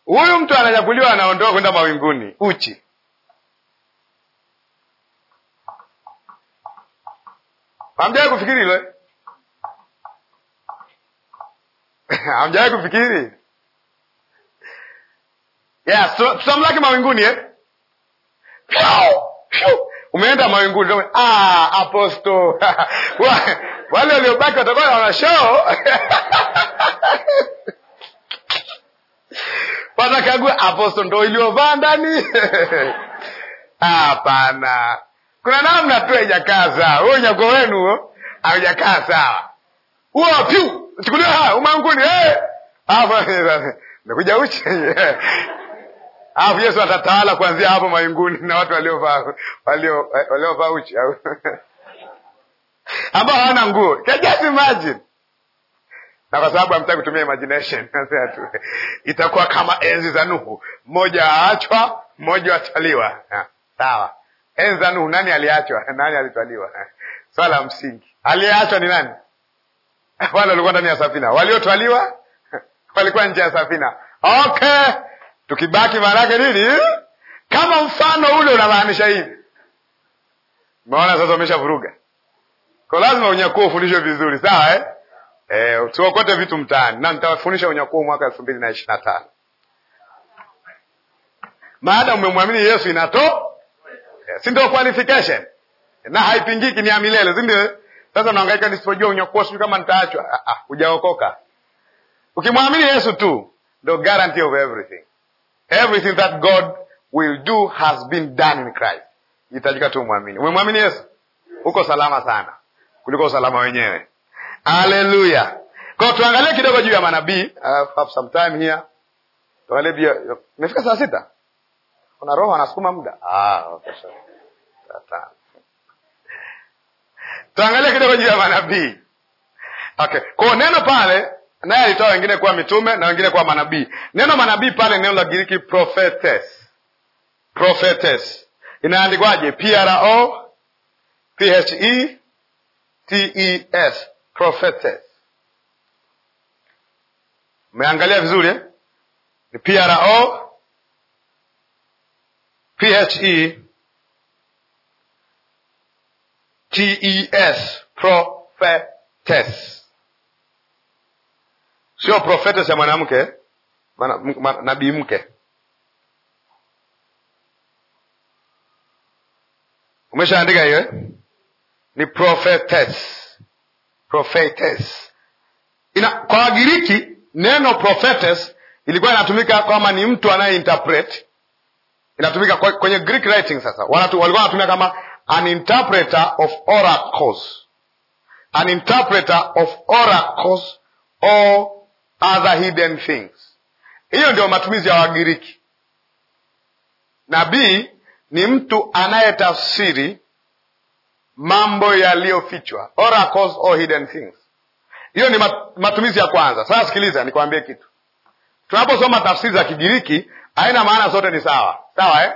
huyu mtu ananyakuliwa, anaondoka kwenda mawinguni uchi amjawai kufikiri hilo? Eh? amjawai kufikiri? Yes, tutamlaki mawinguni eh? Umeenda mawinguni. Ah, aposto. Wale waliobaki watakuwa wana show. Watakagua aposto ndo iliyovaa ndani. Hapana kuna namna tu haijakaa sawa, huo unyago wenu huo haujakaa sawa, huo pyu chukuliwa umanguni eh! mekuja uchi alafu Yesu atatawala kuanzia hapo mawinguni na watu waliovaa walio, uchi ambao hawana nguo. Can just imagine. Na kwa sababu hamtaki kutumia imagination itakuwa kama enzi za Nuhu, mmoja aachwa, mmoja ataliwa. Sawa, enzi Nuhu nani aliachwa? Nani alitwaliwa? Swala msingi, aliyeachwa ni nani? Wale walikuwa ndani ya safina, waliotwaliwa walikuwa nje ya safina. Okay, tukibaki maanake nini? Kama mfano ule unamaanisha hivi, maona sasa umesha umeshavuruga kwa lazima unyakuo ufundishwe vizuri, sawa eh? Eh, tuokote vitu mtaani na nitawafundisha unyakuo mwaka elfu mbili na ishirini na tano maadamu umemwamini Yesu inatoa si ndio qualification, na haipingiki, ni ya milele, si ndio? Sasa naangaika nisipojua unyakuo, sijui kama nitaachwa. Ah, ah, hujaokoka. Ukimwamini Yesu tu ndio guarantee of everything. Everything that God will do has been done in Christ. Itajika tu mwamini. Umemwamini Yesu, uko salama sana kuliko usalama wenyewe. Haleluya! Kwa tuangalie kidogo juu ya manabii, uh, have some time here. Tuangalie, nimefika saa sita kuna roho anasukuma muda ah, okay, tuangalie kidogo juu ya manabii okay. Kwa neno pale naye alitoa wengine kuwa mitume na wengine kuwa manabii. Neno manabii pale neno la Giriki prophetes, prophetes inaandikwaje? P R O P H E T E S, prophetes. Umeangalia vizuri eh? P R O PHE TES prophetess, sio prophetess ya mwanamke, nabii mke. Umeshaandika hiyo? Eh? Ni prophetess, prophetess. Ina kwa Wagiriki neno prophetess ilikuwa inatumika kama ni mtu anayeinterpret inatumika kwenye Greek writing. Sasa wanatu, walikuwa wanatumia kama an interpreter of oracles, an interpreter of oracles or other hidden things. Hiyo ndio matumizi ya Wagiriki. Nabii ni mtu anayetafsiri mambo yaliyofichwa, oracles or hidden things. Hiyo ni matumizi ya kwanza. Sasa sikiliza, nikwambie kitu. Tunaposoma tafsiri za Kigiriki haina maana, zote ni sawa sawa eh?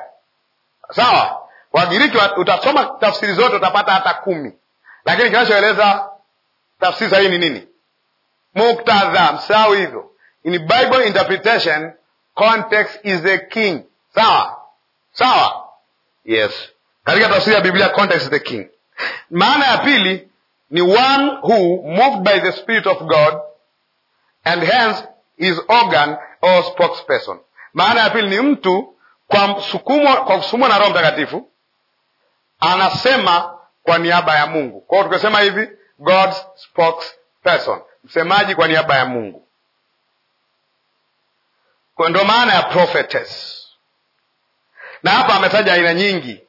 Sawa. Wagiriki utasoma tafsiri zote utapata hata kumi, lakini kinachoeleza tafsiri sahihi ni nini? Muktadha. Msahau hivyo, in Bible interpretation context is the king. Sawa sawa, yes. Katika tafsiri ya Biblia context is the king. Maana ya pili ni one who moved by the spirit of God and hence is organ or spokesperson maana ya pili ni mtu kwa msukumo, kwa kusukumwa na Roho Mtakatifu anasema kwa niaba ya Mungu. Kwa hiyo tukasema hivi, msemaji kwa niaba ya Mungu. Kwa ndo maana ya prophetess, na hapa ametaja aina nyingi.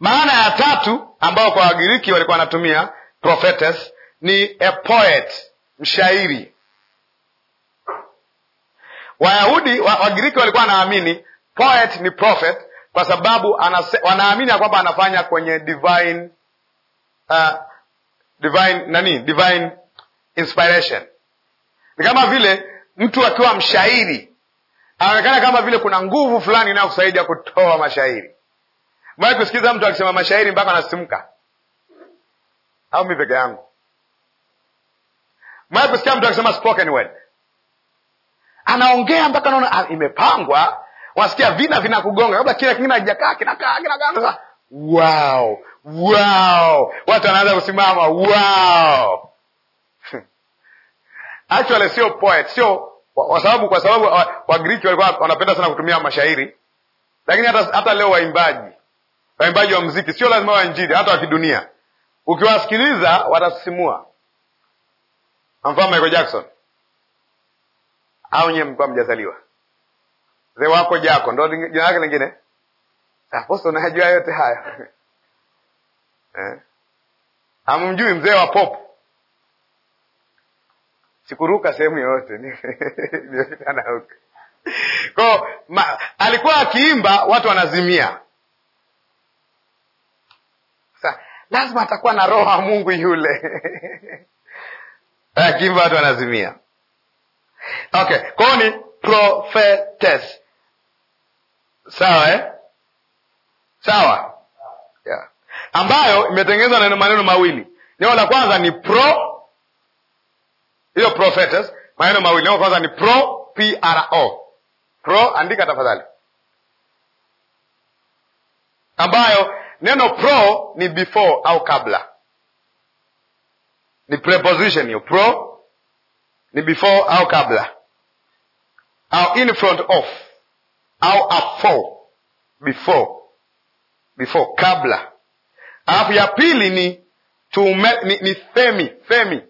Maana ya tatu ambayo kwa Wagiriki walikuwa wanatumia prophetess ni a poet, mshairi Wayahudi Wagiriki walikuwa wanaamini poet ni prophet, kwa sababu wanaamini ya kwamba anafanya kwenye divine, uh, divine nani, divine inspiration. Ni kama vile mtu akiwa mshairi anaonekana kama vile kuna nguvu fulani inayokusaidia kutoa mashairi. Mwae kusikiza mtu akisema mashairi mpaka anasimka au mi peke yangu? Mwae kusikia mtu akisema spoken word anaongea mpaka naona ah, imepangwa wasikia vina vinakugonga kabla kila kingine hakijakaa kinakaa kinakaa wow wow watu wanaanza kusimama wow actually sio poet sio kwa sababu kwa sababu uh, wagriki wa walikuwa wanapenda sana kutumia mashairi lakini hata, hata leo waimbaji waimbaji wa mziki sio lazima wa Injili hata wa kidunia ukiwasikiliza watasisimua amfaa Michael Jackson au nyewe mlikuwa mjazaliwa? Mzee wako Jako ndo jina lake lingine. Apostol nayajua yote hayo eh? Amumjui mzee wa pop? Sikuruka sehemu yoyote nimepitana ko ma, alikuwa akiimba watu wanazimia. Sa, lazima atakuwa na roho ya Mungu yule eh, akiimba watu wanazimia. Okay, kwa ni prophetess, sawa eh? Sawa yeah. Ambayo imetengenezwa na maneno mawili. Neno la kwanza ni pro, hiyo prophetess, maneno mawili. Neno kwanza ni pro, p r o, pro, andika tafadhali, ambayo neno pro ni before au kabla, ni preposition hiyo pro ni before au kabla au in front of au afore before before kabla. Alafu ya pili ni tume, ni, ni femi femi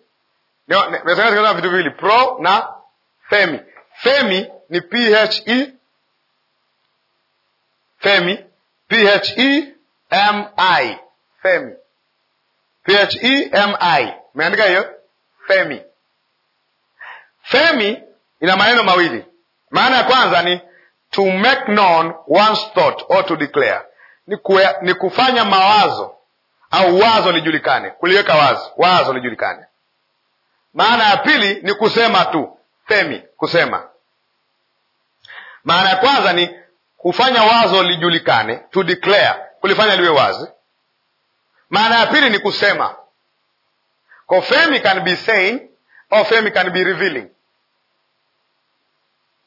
mesaa vitu viwili pro na femi. Femi ni phe femi phemi femi phemi, meandika hiyo femi Femi ina maneno mawili. Maana ya kwanza ni to make known one's thought or to declare, ni, kue, ni kufanya mawazo au wazo lijulikane, kuliweka wazi, wazo lijulikane. Maana ya pili ni kusema tu, femi, kusema. Maana ya kwanza ni kufanya wazo lijulikane, to declare, kulifanya liwe wazi. Maana ya pili ni kusema. kwa femi can be saying or femi can be revealing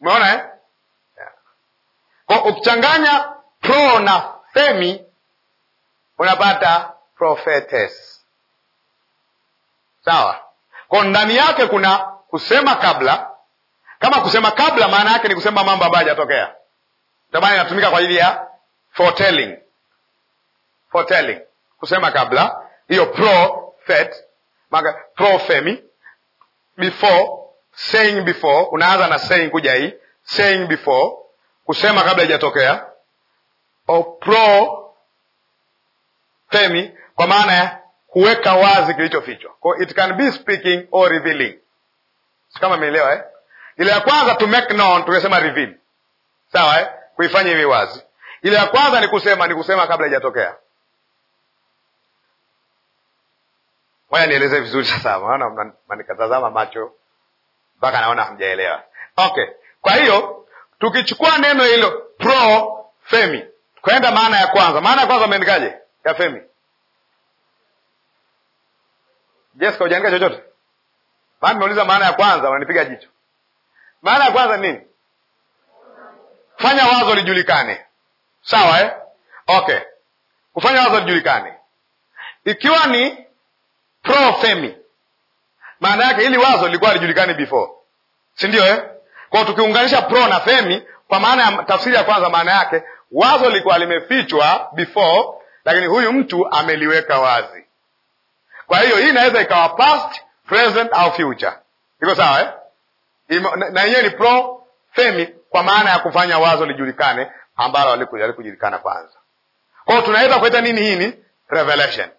Umeona eh? Kwa ukichanganya pro na femi unapata prophetess, sawa. Kwa ndani yake kuna kusema kabla. Kama kusema kabla, maana yake ni kusema mambo ambayo hajatokea. Tamani inatumika kwa ajili ya foretelling. Foretelling, kusema kabla, hiyo prophet, maana profemi, before saying before, unaanza na saying, kuja hii saying before, kusema kabla haijatokea, or pro temi, kwa maana ya kuweka wazi kilichofichwa. Kwa it can be speaking or revealing, kama meelewa eh? Ile ya kwanza to make known, tukasema reveal, sawa eh? Kuifanya hivi wazi. Ile ya kwanza ni kusema, ni kusema kabla haijatokea. Moja nieleze vizuri sasa, maana mnanikatazama macho mpaka naona hamjaelewa. Okay, kwa hiyo tukichukua neno hilo pro femi kwenda maana ya kwanza, maana ya kwanza umeandikaje ya femi? Jessica, hujaandika chochote? Maana nimeuliza maana ya kwanza, unanipiga jicho. Maana ya kwanza nini? Fanya wazo lijulikane, sawa eh? Okay, kufanya wazo lijulikane ikiwa ni pro femi maana yake hili wazo lilikuwa halijulikani before, si ndio eh? Kwa tukiunganisha pro na femi, kwa maana ya tafsiri ya kwanza, maana yake wazo lilikuwa limefichwa before, lakini huyu mtu ameliweka wazi. Kwa hiyo hii inaweza ikawa past, present au future, iko sawa eh? na yenyewe ni pro femi, kwa maana ya kufanya wazo lijulikane ambalo alikujulikana kwanza. Kwao tunaweza kuita nini hii ni revelation,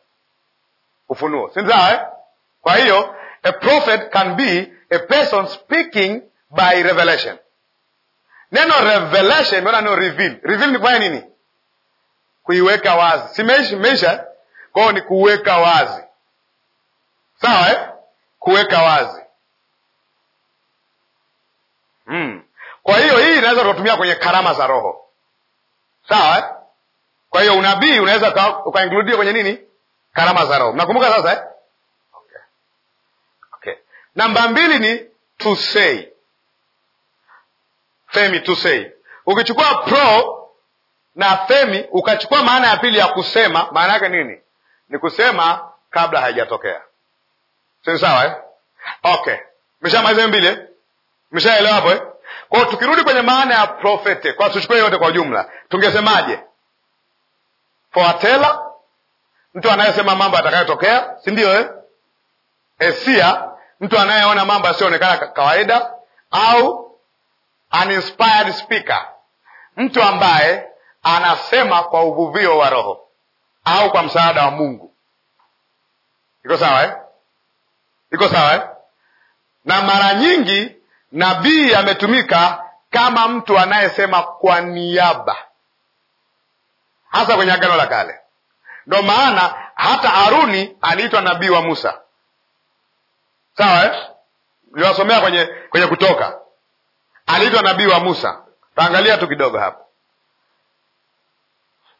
ufunuo, si sawa eh? kwa hiyo A prophet can be a person speaking by revelation. Neno revelation maana neno reveal. Reveal ni kufanya nini? Kuiweka wazi, si meisha? Kwa hiyo ni kuweka wazi, sawa eh? Kuweka wazi Hmm. Kwa hiyo hii inaweza tukatumia kwenye karama za Roho, sawa eh? Kwa hiyo unabii unaweza ukaingiludia kwenye nini, karama za Roho. Mnakumbuka sasa eh? Namba mbili ni to say. Femi, to say. Ukichukua pro na femi ukachukua maana ya pili ya kusema, maana yake nini? Ni kusema kabla haijatokea, si sawa eh? Okay, meshamaliza mbili, eh? mshaelewa hapo eh? Kwao tukirudi kwenye maana ya profete, kwa tuchukue yote kwa ujumla, tungesemaje? Foatela, mtu anayesema mambo atakayotokea, si ndio eh? Esia mtu anayeona mambo yasiyoonekana kawaida, au uninspired speaker, mtu ambaye anasema kwa uvuvio wa Roho au kwa msaada wa Mungu. Iko sawa eh? Iko sawa eh? Na mara nyingi nabii ametumika kama mtu anayesema kwa niaba, hasa kwenye Agano la Kale. Ndo maana hata Haruni aliitwa nabii wa Musa sawa eh? Niliwasomea kwenye kwenye Kutoka, aliitwa nabii wa Musa. Taangalia tu kidogo hapo,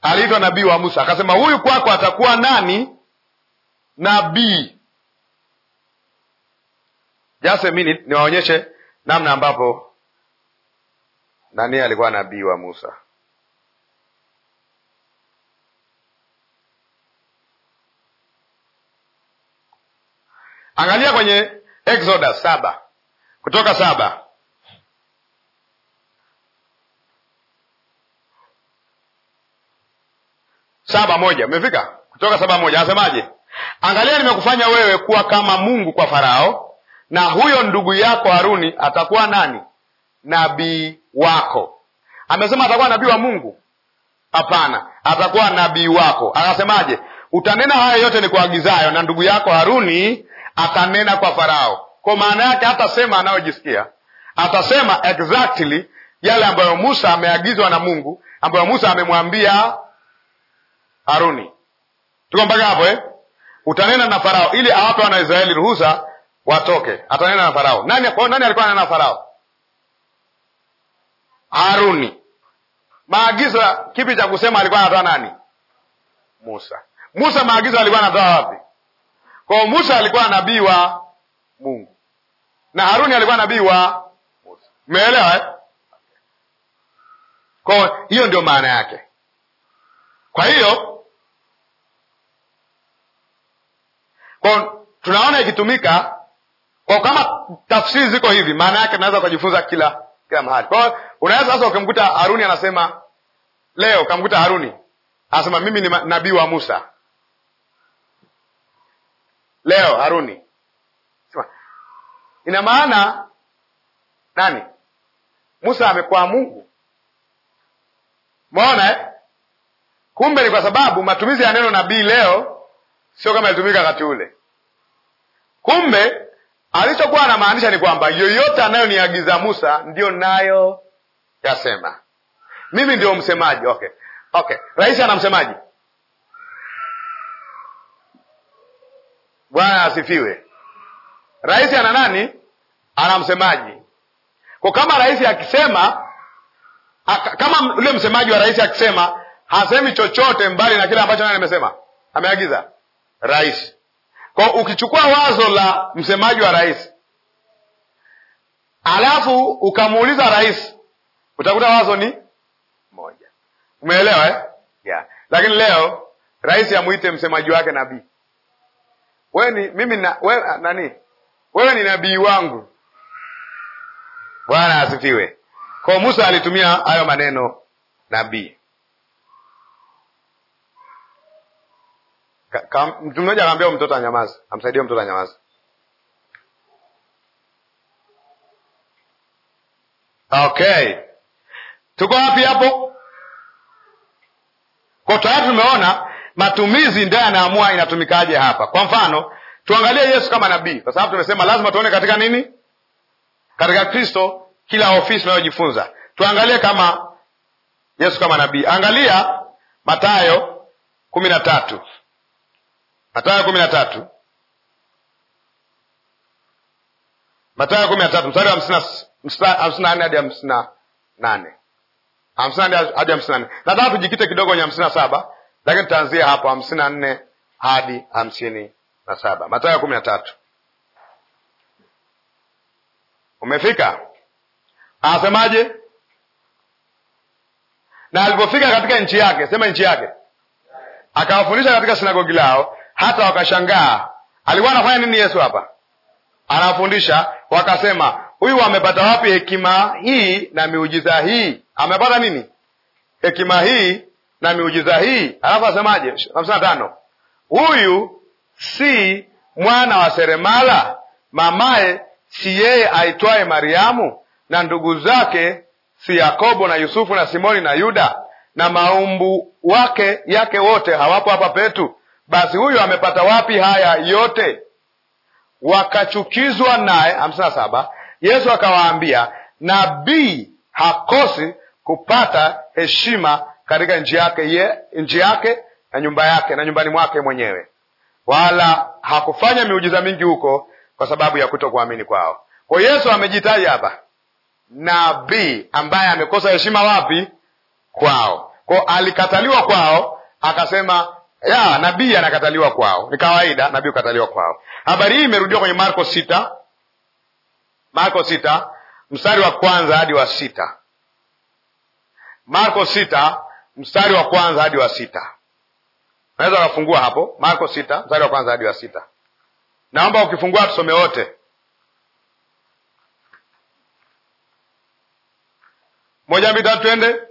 aliitwa nabii wa Musa, akasema huyu kwako atakuwa nani? Nabii. Jase, mi niwaonyeshe namna ambapo nani alikuwa nabii wa Musa. Angalia kwenye Exodus saba kutoka saba saba moja umefika kutoka saba moja anasemaje? Angalia, nimekufanya wewe kuwa kama Mungu kwa Farao, na huyo ndugu yako Haruni atakuwa nani? Nabii wako. Amesema atakuwa nabii wa Mungu? Hapana, atakuwa nabii wako. Akasemaje? Utanena haya yote nikuagizayo na ndugu yako Haruni atanena kwa Farao. Kwa maana yake hatasema anayojisikia, atasema exactly yale ambayo Musa ameagizwa na Mungu, ambayo Musa amemwambia Haruni. Tuko mpaka hapo eh? Utanena na Farao ili awape Wanaisraeli ruhusa watoke. Atanena na Farao. Nani, kwa nani alikuwa ananena na Farao? Haruni. Maagizo kipi cha kusema alikuwa anatoa nani? Musa. Musa maagizo alikuwa anatoa wapi? Kwa Musa alikuwa nabii wa Mungu na Haruni alikuwa nabii wa Musa. Umeelewa eh? Kwa hiyo ndio maana yake. Kwa hiyo kwa tunaona ikitumika kwa kama tafsiri ziko hivi, maana yake tunaweza ukajifunza kila kila mahali. Kwa hiyo unaweza sasa ukamkuta Haruni anasema leo, ukamkuta Haruni anasema mimi ni nabii wa Musa leo Haruni. Ina maana nani? Musa amekuwa Mungu. maona eh? Kumbe ni kwa sababu matumizi ya neno nabii leo sio kama ilitumika wakati ule. Kumbe alichokuwa anamaanisha ni kwamba yoyote anayoniagiza Musa ndiyo nayo yasema mimi, ndio msemaji. Okay, okay. Rais ana msemaji Bwana asifiwe. Rais ana nani? Ana msemaji. Kwa kama rais akisema, kama yule msemaji wa rais akisema, hasemi chochote mbali na kile ambacho nani amesema, ameagiza rais. Kwa ukichukua wazo la msemaji wa rais alafu ukamuuliza rais, utakuta wazo ni moja. Umeelewa eh? Yeah. Lakini leo rais amwite msemaji wake nabii wewe ni mimi na, wewe, ah, nani wewe ni nabii wangu. Bwana asifiwe. Kwa Musa alitumia hayo maneno nabii. Mtu mmoja akamwambia mtoto anyamaze, amsaidie mtoto anyamaze. Okay, tuko wapi hapo? Kwa tayari tumeona matumizi ndio yanaamua inatumikaje hapa. Kwa mfano, tuangalie Yesu kama nabii, kwa sababu tumesema lazima tuone katika nini, katika Kristo kila ofisi unayojifunza Tuangalie kama Yesu kama nabii, angalia Matayo kumi na tatu Matayo kumi na tatu Matayo kumi na tatu mstari wa hamsini na nne hadi hamsini na nane hamsini hadi hamsini na nne Nataka tujikite kidogo kwenye hamsini na saba lakini tutaanzia hapo hamsini na nne hadi hamsini na saba Mathayo kumi na tatu. Umefika? Anasemaje? Na alipofika katika nchi yake, sema nchi yake, akawafundisha katika sinagogi lao, hata wakashangaa. Alikuwa anafanya nini Yesu hapa? Anafundisha, wakasema huyu amepata wapi hekima hii na miujiza hii? Amepata nini? Hekima hii na miujiza hii. Alafu asemaje? hamsini na tano, huyu si mwana wa seremala, mamaye si yeye aitwaye Mariamu, na ndugu zake si Yakobo na Yusufu na Simoni na Yuda, na maumbu wake yake wote hawapo hapa petu? Basi huyu amepata wapi haya yote? Wakachukizwa naye. hamsini na saba, Yesu akawaambia, nabii hakosi kupata heshima katika nchi yake ye, nchi yake na nyumba yake na nyumbani mwake mwenyewe, wala hakufanya miujiza mingi huko kwa sababu ya kutokuamini kwao. Kwa Yesu amejitaja hapa nabii ambaye amekosa heshima wapi? Kwao. Kwa alikataliwa kwao, akasema ya nabii anakataliwa kwao, ni kawaida nabii kukataliwa kwao. Habari hii imerudiwa kwenye Marko sita Marko sita mstari wa kwanza hadi wa sita Marko sita mstari wa kwanza hadi wa sita. Unaweza ukafungua hapo Marko sita mstari wa kwanza hadi wa sita. Naomba ukifungua tusome wote. Moja, mbili, tatu, twende.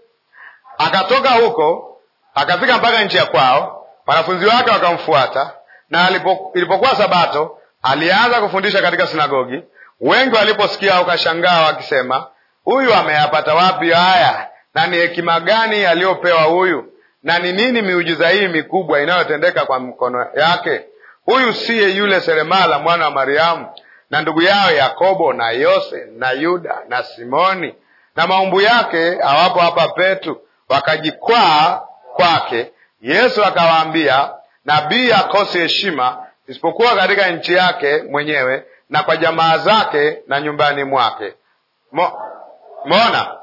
Akatoka huko akafika mpaka nchi ya kwao, wanafunzi wake wakamfuata. Na alipo, ilipokuwa Sabato alianza kufundisha katika sinagogi. Wengi waliposikia wakashangaa wakisema, huyu ameyapata wapi haya na ni hekima gani aliyopewa huyu? Na ni nini miujiza hii mikubwa inayotendeka kwa mkono yake? Huyu siye yule seremala mwana wa Mariamu na ndugu yao Yakobo na Yose na Yuda na Simoni? Na maumbu yake awapo hapa petu? Wakajikwaa kwake. Yesu akawaambia, nabii akosi heshima isipokuwa katika nchi yake mwenyewe na kwa jamaa zake na nyumbani mwake. Mo, mona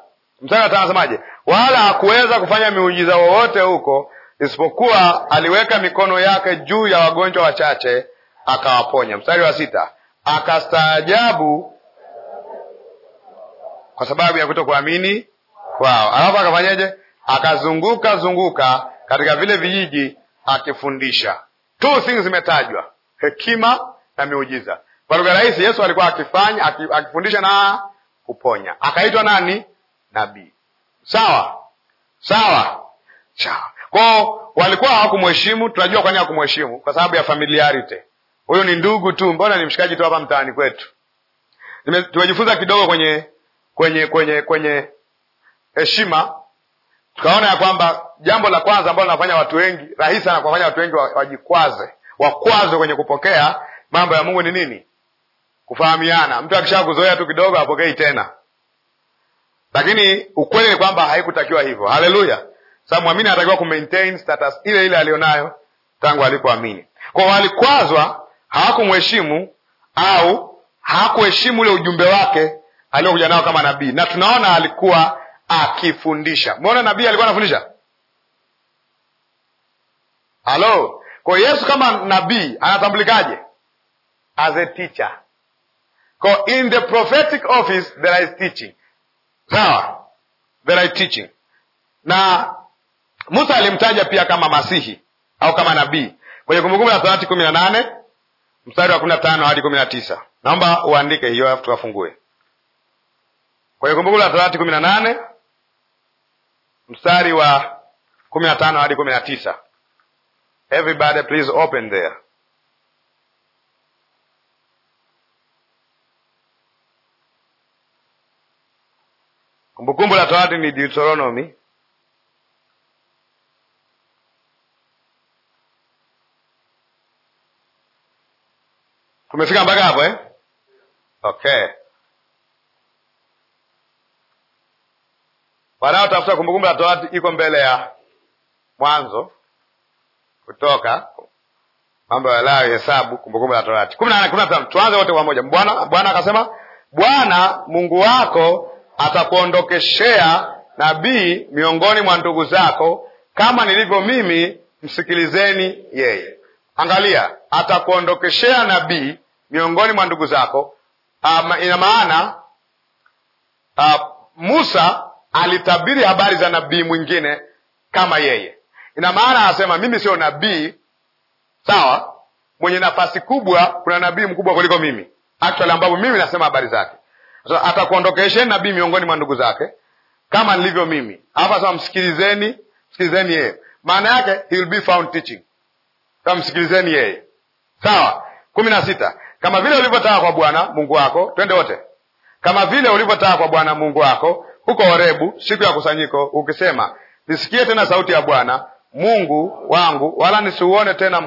mstari watano Wala hakuweza kufanya miujiza wowote huko isipokuwa aliweka mikono yake juu ya wagonjwa wachache akawaponya. Mstari wa sita, akastaajabu kwa sababu ya kutokuamini kwao. Alafu akafanyeje? Akazunguka zunguka katika vile vijiji akifundisha. Two things zimetajwa, hekima na miujiza. Kwa lugha rahisi, Yesu alikuwa akifanya akifundisha na kuponya. Akaitwa nani? nabii. Sawa sawa sawa. Kwao walikuwa hawakumheshimu. Tunajua kwani hawakumheshimu, kwa sababu ya familiarity. Huyu ni ndugu tu, mbona ni mshikaji tu hapa mtaani kwetu. Tumejifunza kidogo kwenye kwenye kwenye kwenye heshima, tukaona ya kwamba jambo la kwanza ambalo linafanya watu wengi, rahisi sana kuwafanya watu wengi wajikwaze, wakwaze kwenye kupokea mambo ya Mungu ni nini? Kufahamiana. Mtu akishakuzoea tu kidogo, apokei tena lakini ukweli ni kwamba haikutakiwa hivyo. Haleluya! Sababu mwamini anatakiwa kumaintain status ile ile aliyonayo tangu alipoamini. Kwa walikwazwa, hawakumheshimu au hawakuheshimu ule ujumbe wake aliokuja nao kama nabii, na tunaona alikuwa akifundisha. Mwona nabii alikuwa anafundisha halo. Kwa Yesu kama nabii anatambulikaje? As a teacher. Kwa in the prophetic office there is teaching sawa, the right teaching. Na Musa alimtaja pia kama masihi au kama nabii kwenye Kumbukumbu la Torati kumi na nane mstari wa kumi na tano hadi kumi na tisa. Naomba uandike hiyo, alafu tuwafungue kwenye Kumbukumbu la Torati kumi na nane mstari wa kumi na tano hadi kumi na tisa. Everybody please open there. Kumbukumbu la Torati ni Deuteronomy Tumefika mpaka hapo eh? Okay, wanaotafuta Kumbukumbu la Torati iko mbele ya Mwanzo, Kutoka, Mambo ya Lawi, Hesabu, Kumbukumbu la Torati kumi na nane. Tuanze wote kwa moja. Bwana akasema, Bwana Mungu wako atakuondokeshea nabii miongoni mwa ndugu zako kama nilivyo mimi, msikilizeni yeye. Angalia, atakuondokeshea nabii miongoni mwa ndugu zako. Ah, ina maana ah, Musa alitabiri habari za nabii mwingine kama yeye. Ina maana anasema mimi siyo nabii sawa, mwenye nafasi kubwa, kuna nabii mkubwa kuliko mimi actually, ambapo mimi nasema habari zake. So, atakuondokesheni nabii miongoni mwa ndugu zake kama nilivyo mimi. Hapa sasa, msikilizeni, msikilizeni yeye, maana yake he will be found teaching. Sasa msikilizeni yeye, sawa. kumi na sita kama vile ulivyotaka kwa Bwana Mungu wako, twende wote, kama vile ulivyotaka kwa Bwana Mungu wako huko Horebu, siku ya kusanyiko, ukisema, nisikie tena sauti ya Bwana Mungu wangu, wala nisiuone tena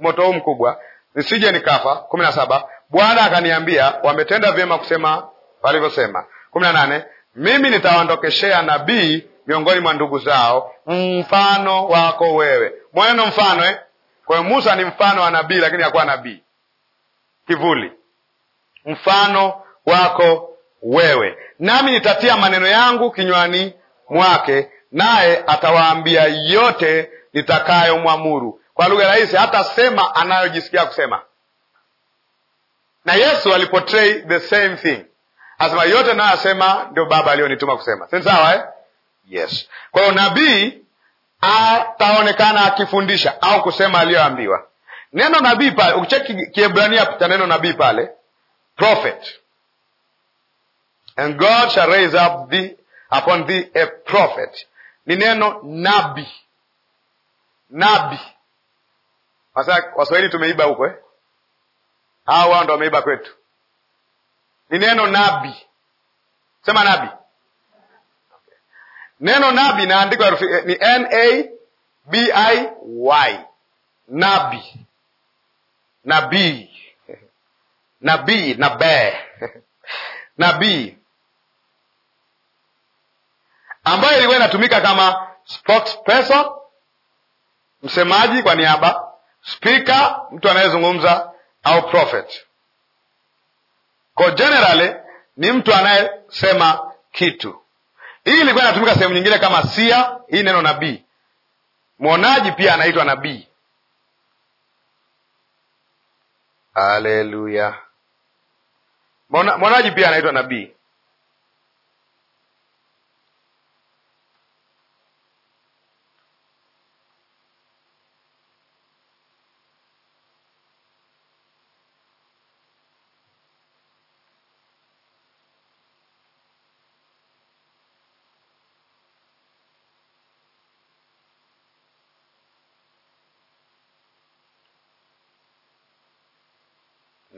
moto huu mkubwa, nisije nikafa. kumi na saba Bwana akaniambia, wametenda vyema kusema walivyosema. kumi na nane mimi nitawaondokeshea nabii miongoni mwa ndugu zao mfano wako wewe. Mwaneno mfano eh? Kwa hiyo Musa ni mfano wa nabii, lakini hakuwa nabii, kivuli. Mfano wako wewe, nami nitatia maneno yangu kinywani mwake, naye atawaambia yote nitakayomwamuru. Kwa lugha rahisi, hata sema anayojisikia kusema. Na Yesu aliportray the same thing Asema yote nayo asema ndio Baba aliyonituma kusema, si sawa eh? Yes. Kwa hiyo nabii ataonekana akifundisha au kusema aliyoambiwa. Neno nabii pale, ukicheki Kiebrania cha neno nabii pale, prophet and God shall raise up thee upon thee a prophet, ni neno nabi, nabi. Waswahili tumeiba huko eh? Hao wao ndo wameiba kwetu ni neno nabi. Sema nabi. Neno nabi naandikwa herufi eh, ni N A B I Y. Nabi. Nabii. Nabii, nabe. Nabii ambayo ilikuwa inatumika kama spokesperson, msemaji kwa niaba, spika, mtu anayezungumza au prophet. Kwa generally ni mtu anayesema kitu. Hii ilikuwa inatumika sehemu nyingine kama sia, hii neno nabii. Mwonaji pia anaitwa nabii. Haleluya! Mwonaji pia anaitwa nabii.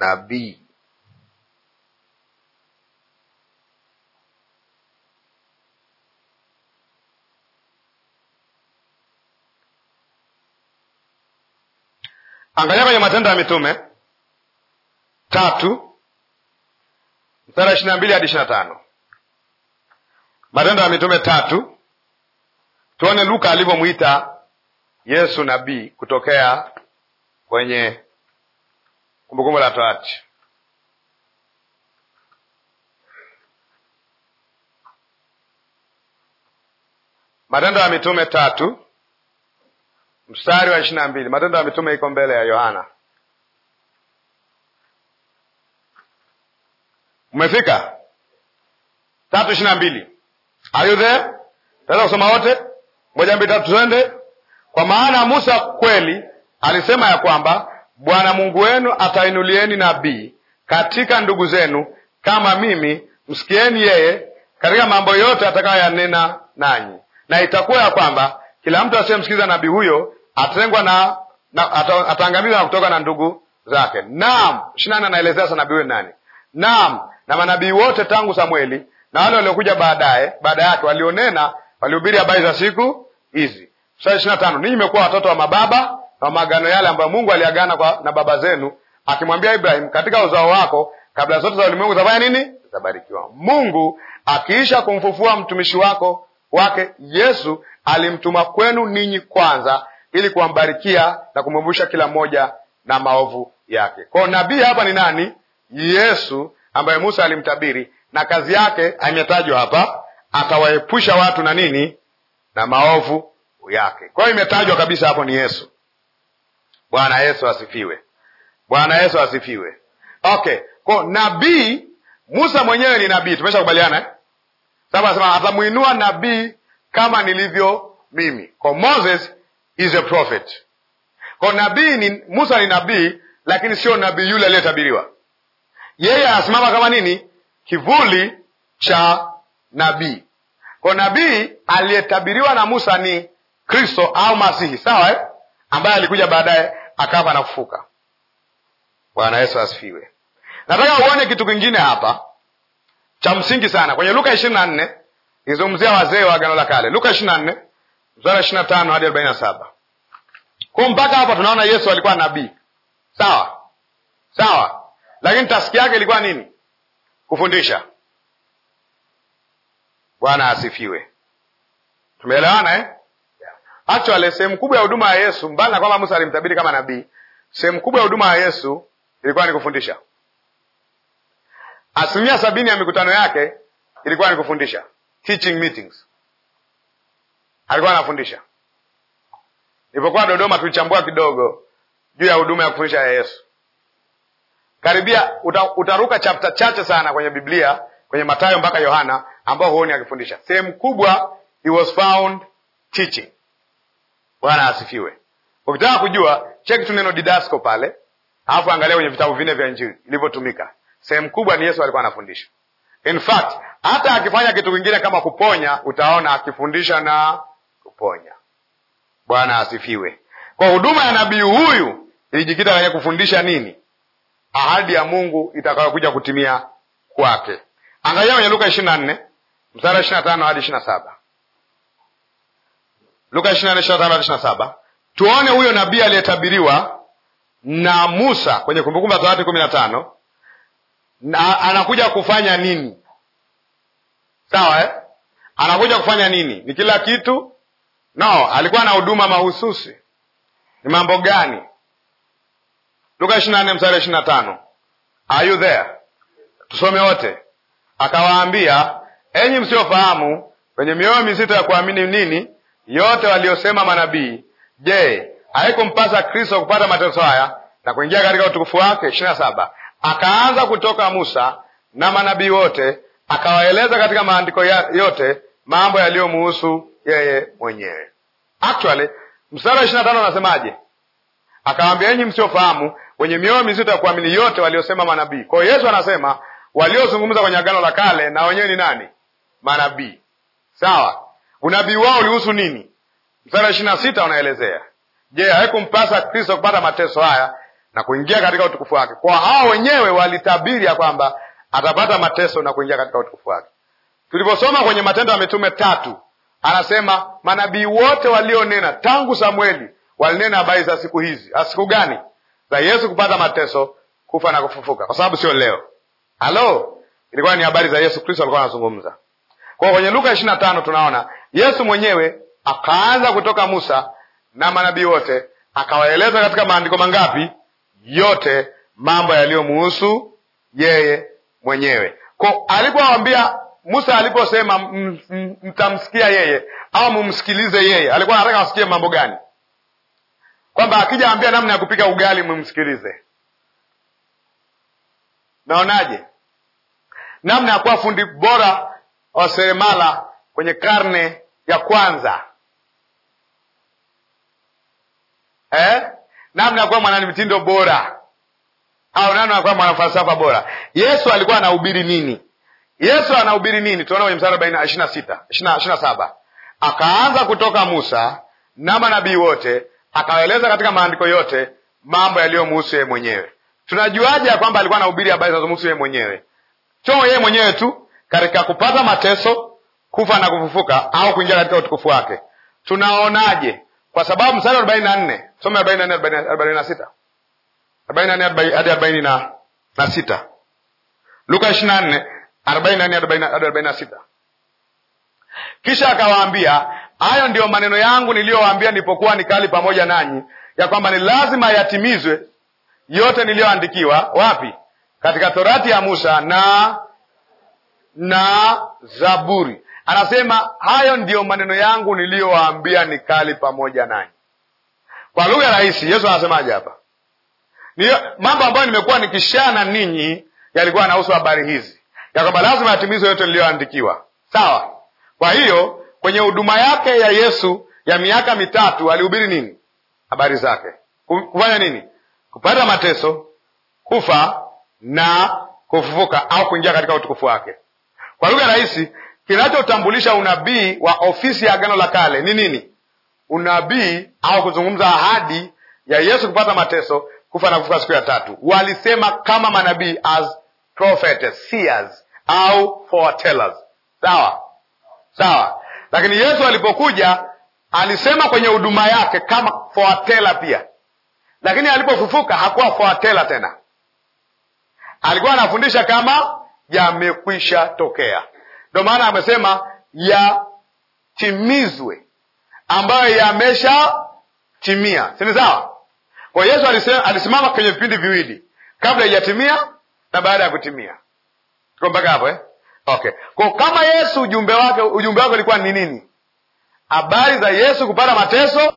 nabii angalia kwenye matendo ya mitume tatu mstari ishirini na mbili hadi ishirini na tano matendo ya mitume tatu tuone luka alivyomwita yesu nabii kutokea kwenye Kumbukumbu la Torati. Matendo ya Mitume tatu mstari wa ishirini na mbili. Matendo ya Mitume iko mbele ya Yohana. Umefika tatu ishirini na mbili. Are you there? Taweza kusoma wote? Moja, mbili, tatu, twende. Kwa maana Musa kweli alisema ya kwamba Bwana Mungu wenu atainulieni nabii katika ndugu zenu kama mimi, msikieni yeye katika mambo yote atakayoyanena nanyi. Na itakuwa ya kwamba kila mtu asiyemsikiliza nabii huyo atengwa na, na ataangamizwa na kutoka na ndugu zake. Naam, shinani anaelezea sa nabii huyo nani? Naam, na manabii wote tangu Samueli na wale waliokuja baadaye baada yake walionena, walihubiri habari za siku hizi. Mstari ishirini na tano, ninyi mmekuwa watoto wa mababa kwa maagano yale ambayo Mungu aliagana kwa na baba zenu, akimwambia Ibrahim, katika uzao wako kabla zote za ulimwengu zafanya nini? Zabarikiwa. Mungu akiisha kumfufua mtumishi wako wake Yesu alimtuma kwenu ninyi kwanza, ili kuwambarikia na kumwepusha kila mmoja na maovu yake. Kwa nabii hapa ni nani? Yesu ambaye Musa alimtabiri, na kazi yake imetajwa hapa, atawaepusha watu na nini? Na maovu yake. Kwa hiyo imetajwa kabisa hapo ni Yesu. Bwana Yesu asifiwe, Bwana Yesu asifiwe. Okay, kwa nabii Musa mwenyewe ni nabii, tumeshakubaliana eh? Sababu anasema atamwinua nabii kama nilivyo mimi. Kwa Moses is a prophet. Kwa nabii ni Musa ni nabii, lakini sio nabii yule aliyetabiriwa. Yeye anasimama kama nini? Kivuli cha nabii. Kwa nabii aliyetabiriwa na Musa ni Kristo au Masihi, sawa eh? ambaye alikuja baadaye akafa na kufuka. Bwana Yesu asifiwe. Nataka uone kitu kingine hapa cha msingi sana kwenye Luka ishirini na nne ikizungumzia wazee wa Agano la Kale. Luka ishirini na nne mstari ishirini na tano hadi arobaini na saba kwa mpaka hapa tunaona Yesu alikuwa nabii, sawa sawa, lakini taski yake ilikuwa nini? Kufundisha. Bwana asifiwe. Tumeelewana eh? Actually sehemu kubwa ya huduma ya Yesu, mbali na kwamba Musa alimtabiri kama nabii, sehemu kubwa ya huduma ya Yesu ilikuwa ni kufundisha. Asilimia sabini ya mikutano yake ilikuwa ni kufundisha, teaching meetings, alikuwa anafundisha. Nilipokuwa Dodoma tulichambua kidogo juu ya huduma ya kufundisha ya Yesu. Karibia uta, utaruka chapta chache sana kwenye Biblia, kwenye Mathayo mpaka Yohana ambao huoni akifundisha. Sehemu kubwa he was found teaching. Bwana asifiwe. Ukitaka kujua, cheki tu neno didasco pale, alafu angalia kwenye vitabu vine vya Injili ilivyotumika. Sehemu kubwa ni Yesu alikuwa anafundisha. In fact hata akifanya kitu kingine kama kuponya, utaona akifundisha na kuponya. Bwana asifiwe. Kwa huduma ya nabii huyu ilijikita kwenye kufundisha nini? Ahadi ya Mungu itakayokuja kutimia kwake. Angalia kwenye Luka 24 mstari wa hadi Luka 24:25-27 tuone huyo nabii aliyetabiriwa na Musa kwenye Kumbukumbu la Torati kumi na tano na anakuja kufanya nini? Sawa eh? Anakuja kufanya nini? Ni kila kitu? No, alikuwa na huduma mahususi. Ni mambo gani? Luka 24 mstari 25. Are you there? Tusome wote. Akawaambia, enyi msiofahamu, kwenye mioyo mizito ya kuamini nini yote waliosema manabii. Je, haikumpasa Kristo kupata mateso haya na kuingia katika utukufu wake? ishirini na saba. Akaanza kutoka Musa na manabii wote, akawaeleza katika maandiko yote mambo yaliyomuhusu yeye mwenyewe. Actually mstari wa ishirini na tano anasemaje? Akawaambia, enyi msiofahamu, wenye mioyo mizito ya kuamini yote waliosema manabii. Kwa hiyo Yesu anasema waliozungumza kwenye Agano la Kale na wenyewe ni nani? Manabii, sawa Unabii wao ulihusu nini? Mstari wa ishirini na sita unaelezea je, haikumpasa Kristo kupata mateso haya na kuingia katika utukufu wake? Kwa hao wenyewe walitabiri ya kwamba atapata mateso na kuingia katika utukufu wake. Tuliposoma kwenye Matendo ya Mitume tatu, anasema manabii wote walionena tangu Samueli walinena habari za siku hizi. Siku gani? Za Yesu kupata mateso, kufa na kufufuka, kwa sababu sio leo. Halo, ilikuwa ni habari za Yesu Kristo alikuwa anazungumza kwao. kwenye Luka ishirini na tano tunaona Yesu mwenyewe akaanza kutoka Musa na manabii wote akawaeleza katika maandiko mangapi? Yote mambo yaliyomuhusu yeye mwenyewe. Kwa alipowambia Musa aliposema mtamsikia yeye au mumsikilize yeye, alikuwa anataka wasikie mambo gani? Kwamba akija ambia namna ya kupika ugali mumsikilize. Naonaje? Namna ya kuwa fundi bora waseremala kwenye karne ya kwanza eh? namna ya kuwa mwanamitindo bora au namna ya kuwa mwanafalsafa bora. Yesu alikuwa anahubiri nini? Yesu anahubiri nini? Tunaona kwenye mstari arobaini ishirini na sita ishirini na saba akaanza kutoka Musa na manabii wote akawaeleza katika maandiko yote mambo yaliyomuhusu yeye mwenyewe. Tunajuaje ya kwamba alikuwa anahubiri habari zinazomhusu yeye mwenyewe? Choo yeye mwenyewe tu katika kupata mateso, kufa na kufufuka, au kuingia katika utukufu wake. Tunaonaje? Kwa sababu mstari arobaini na nne some arobaini na nne arobaini na sita arobaini na nne hadi arobaini na sita Luka ishirini na nne arobaini na nne hadi arobaini na sita Kisha akawaambia, hayo ndiyo maneno yangu niliyowaambia nilipokuwa nikali pamoja nanyi, ya kwamba ni lazima yatimizwe yote niliyoandikiwa. Wapi? Katika Torati ya Musa na na Zaburi. Anasema hayo ndiyo maneno yangu niliyowaambia nikali pamoja nanyi. Kwa lugha rahisi, Yesu anasemaje hapa? Mambo ambayo nimekuwa nikishana ninyi yalikuwa yanahusu habari hizi ya kwamba lazima yatimizwe yote niliyoandikiwa, sawa? Kwa hiyo kwenye huduma yake ya Yesu ya miaka mitatu alihubiri nini? Habari zake, kufanya nini? Kupata mateso, kufa na kufufuka, au kuingia katika utukufu wake. Kwa lugha rahisi, kinachotambulisha unabii wa ofisi ya Agano la Kale ni nini? Unabii au kuzungumza ahadi ya Yesu kupata mateso, kufa na kufuka siku ya tatu. Walisema kama manabii, as prophets, seers au foretellers. Sawa sawa, lakini Yesu alipokuja alisema kwenye huduma yake kama foreteller pia, lakini alipofufuka hakuwa foreteller tena, alikuwa anafundisha kama yamekwisha tokea. Ndio maana amesema yatimizwe, ambayo yameshatimia, si ni sawa? Kwa Yesu alisimama kwenye vipindi viwili, kabla ijatimia na baada ya kutimia. Tuko mpaka hapo eh? Okay. Kwa kama Yesu ujumbe wake ujumbe wake ulikuwa ni nini? Habari za Yesu kupata mateso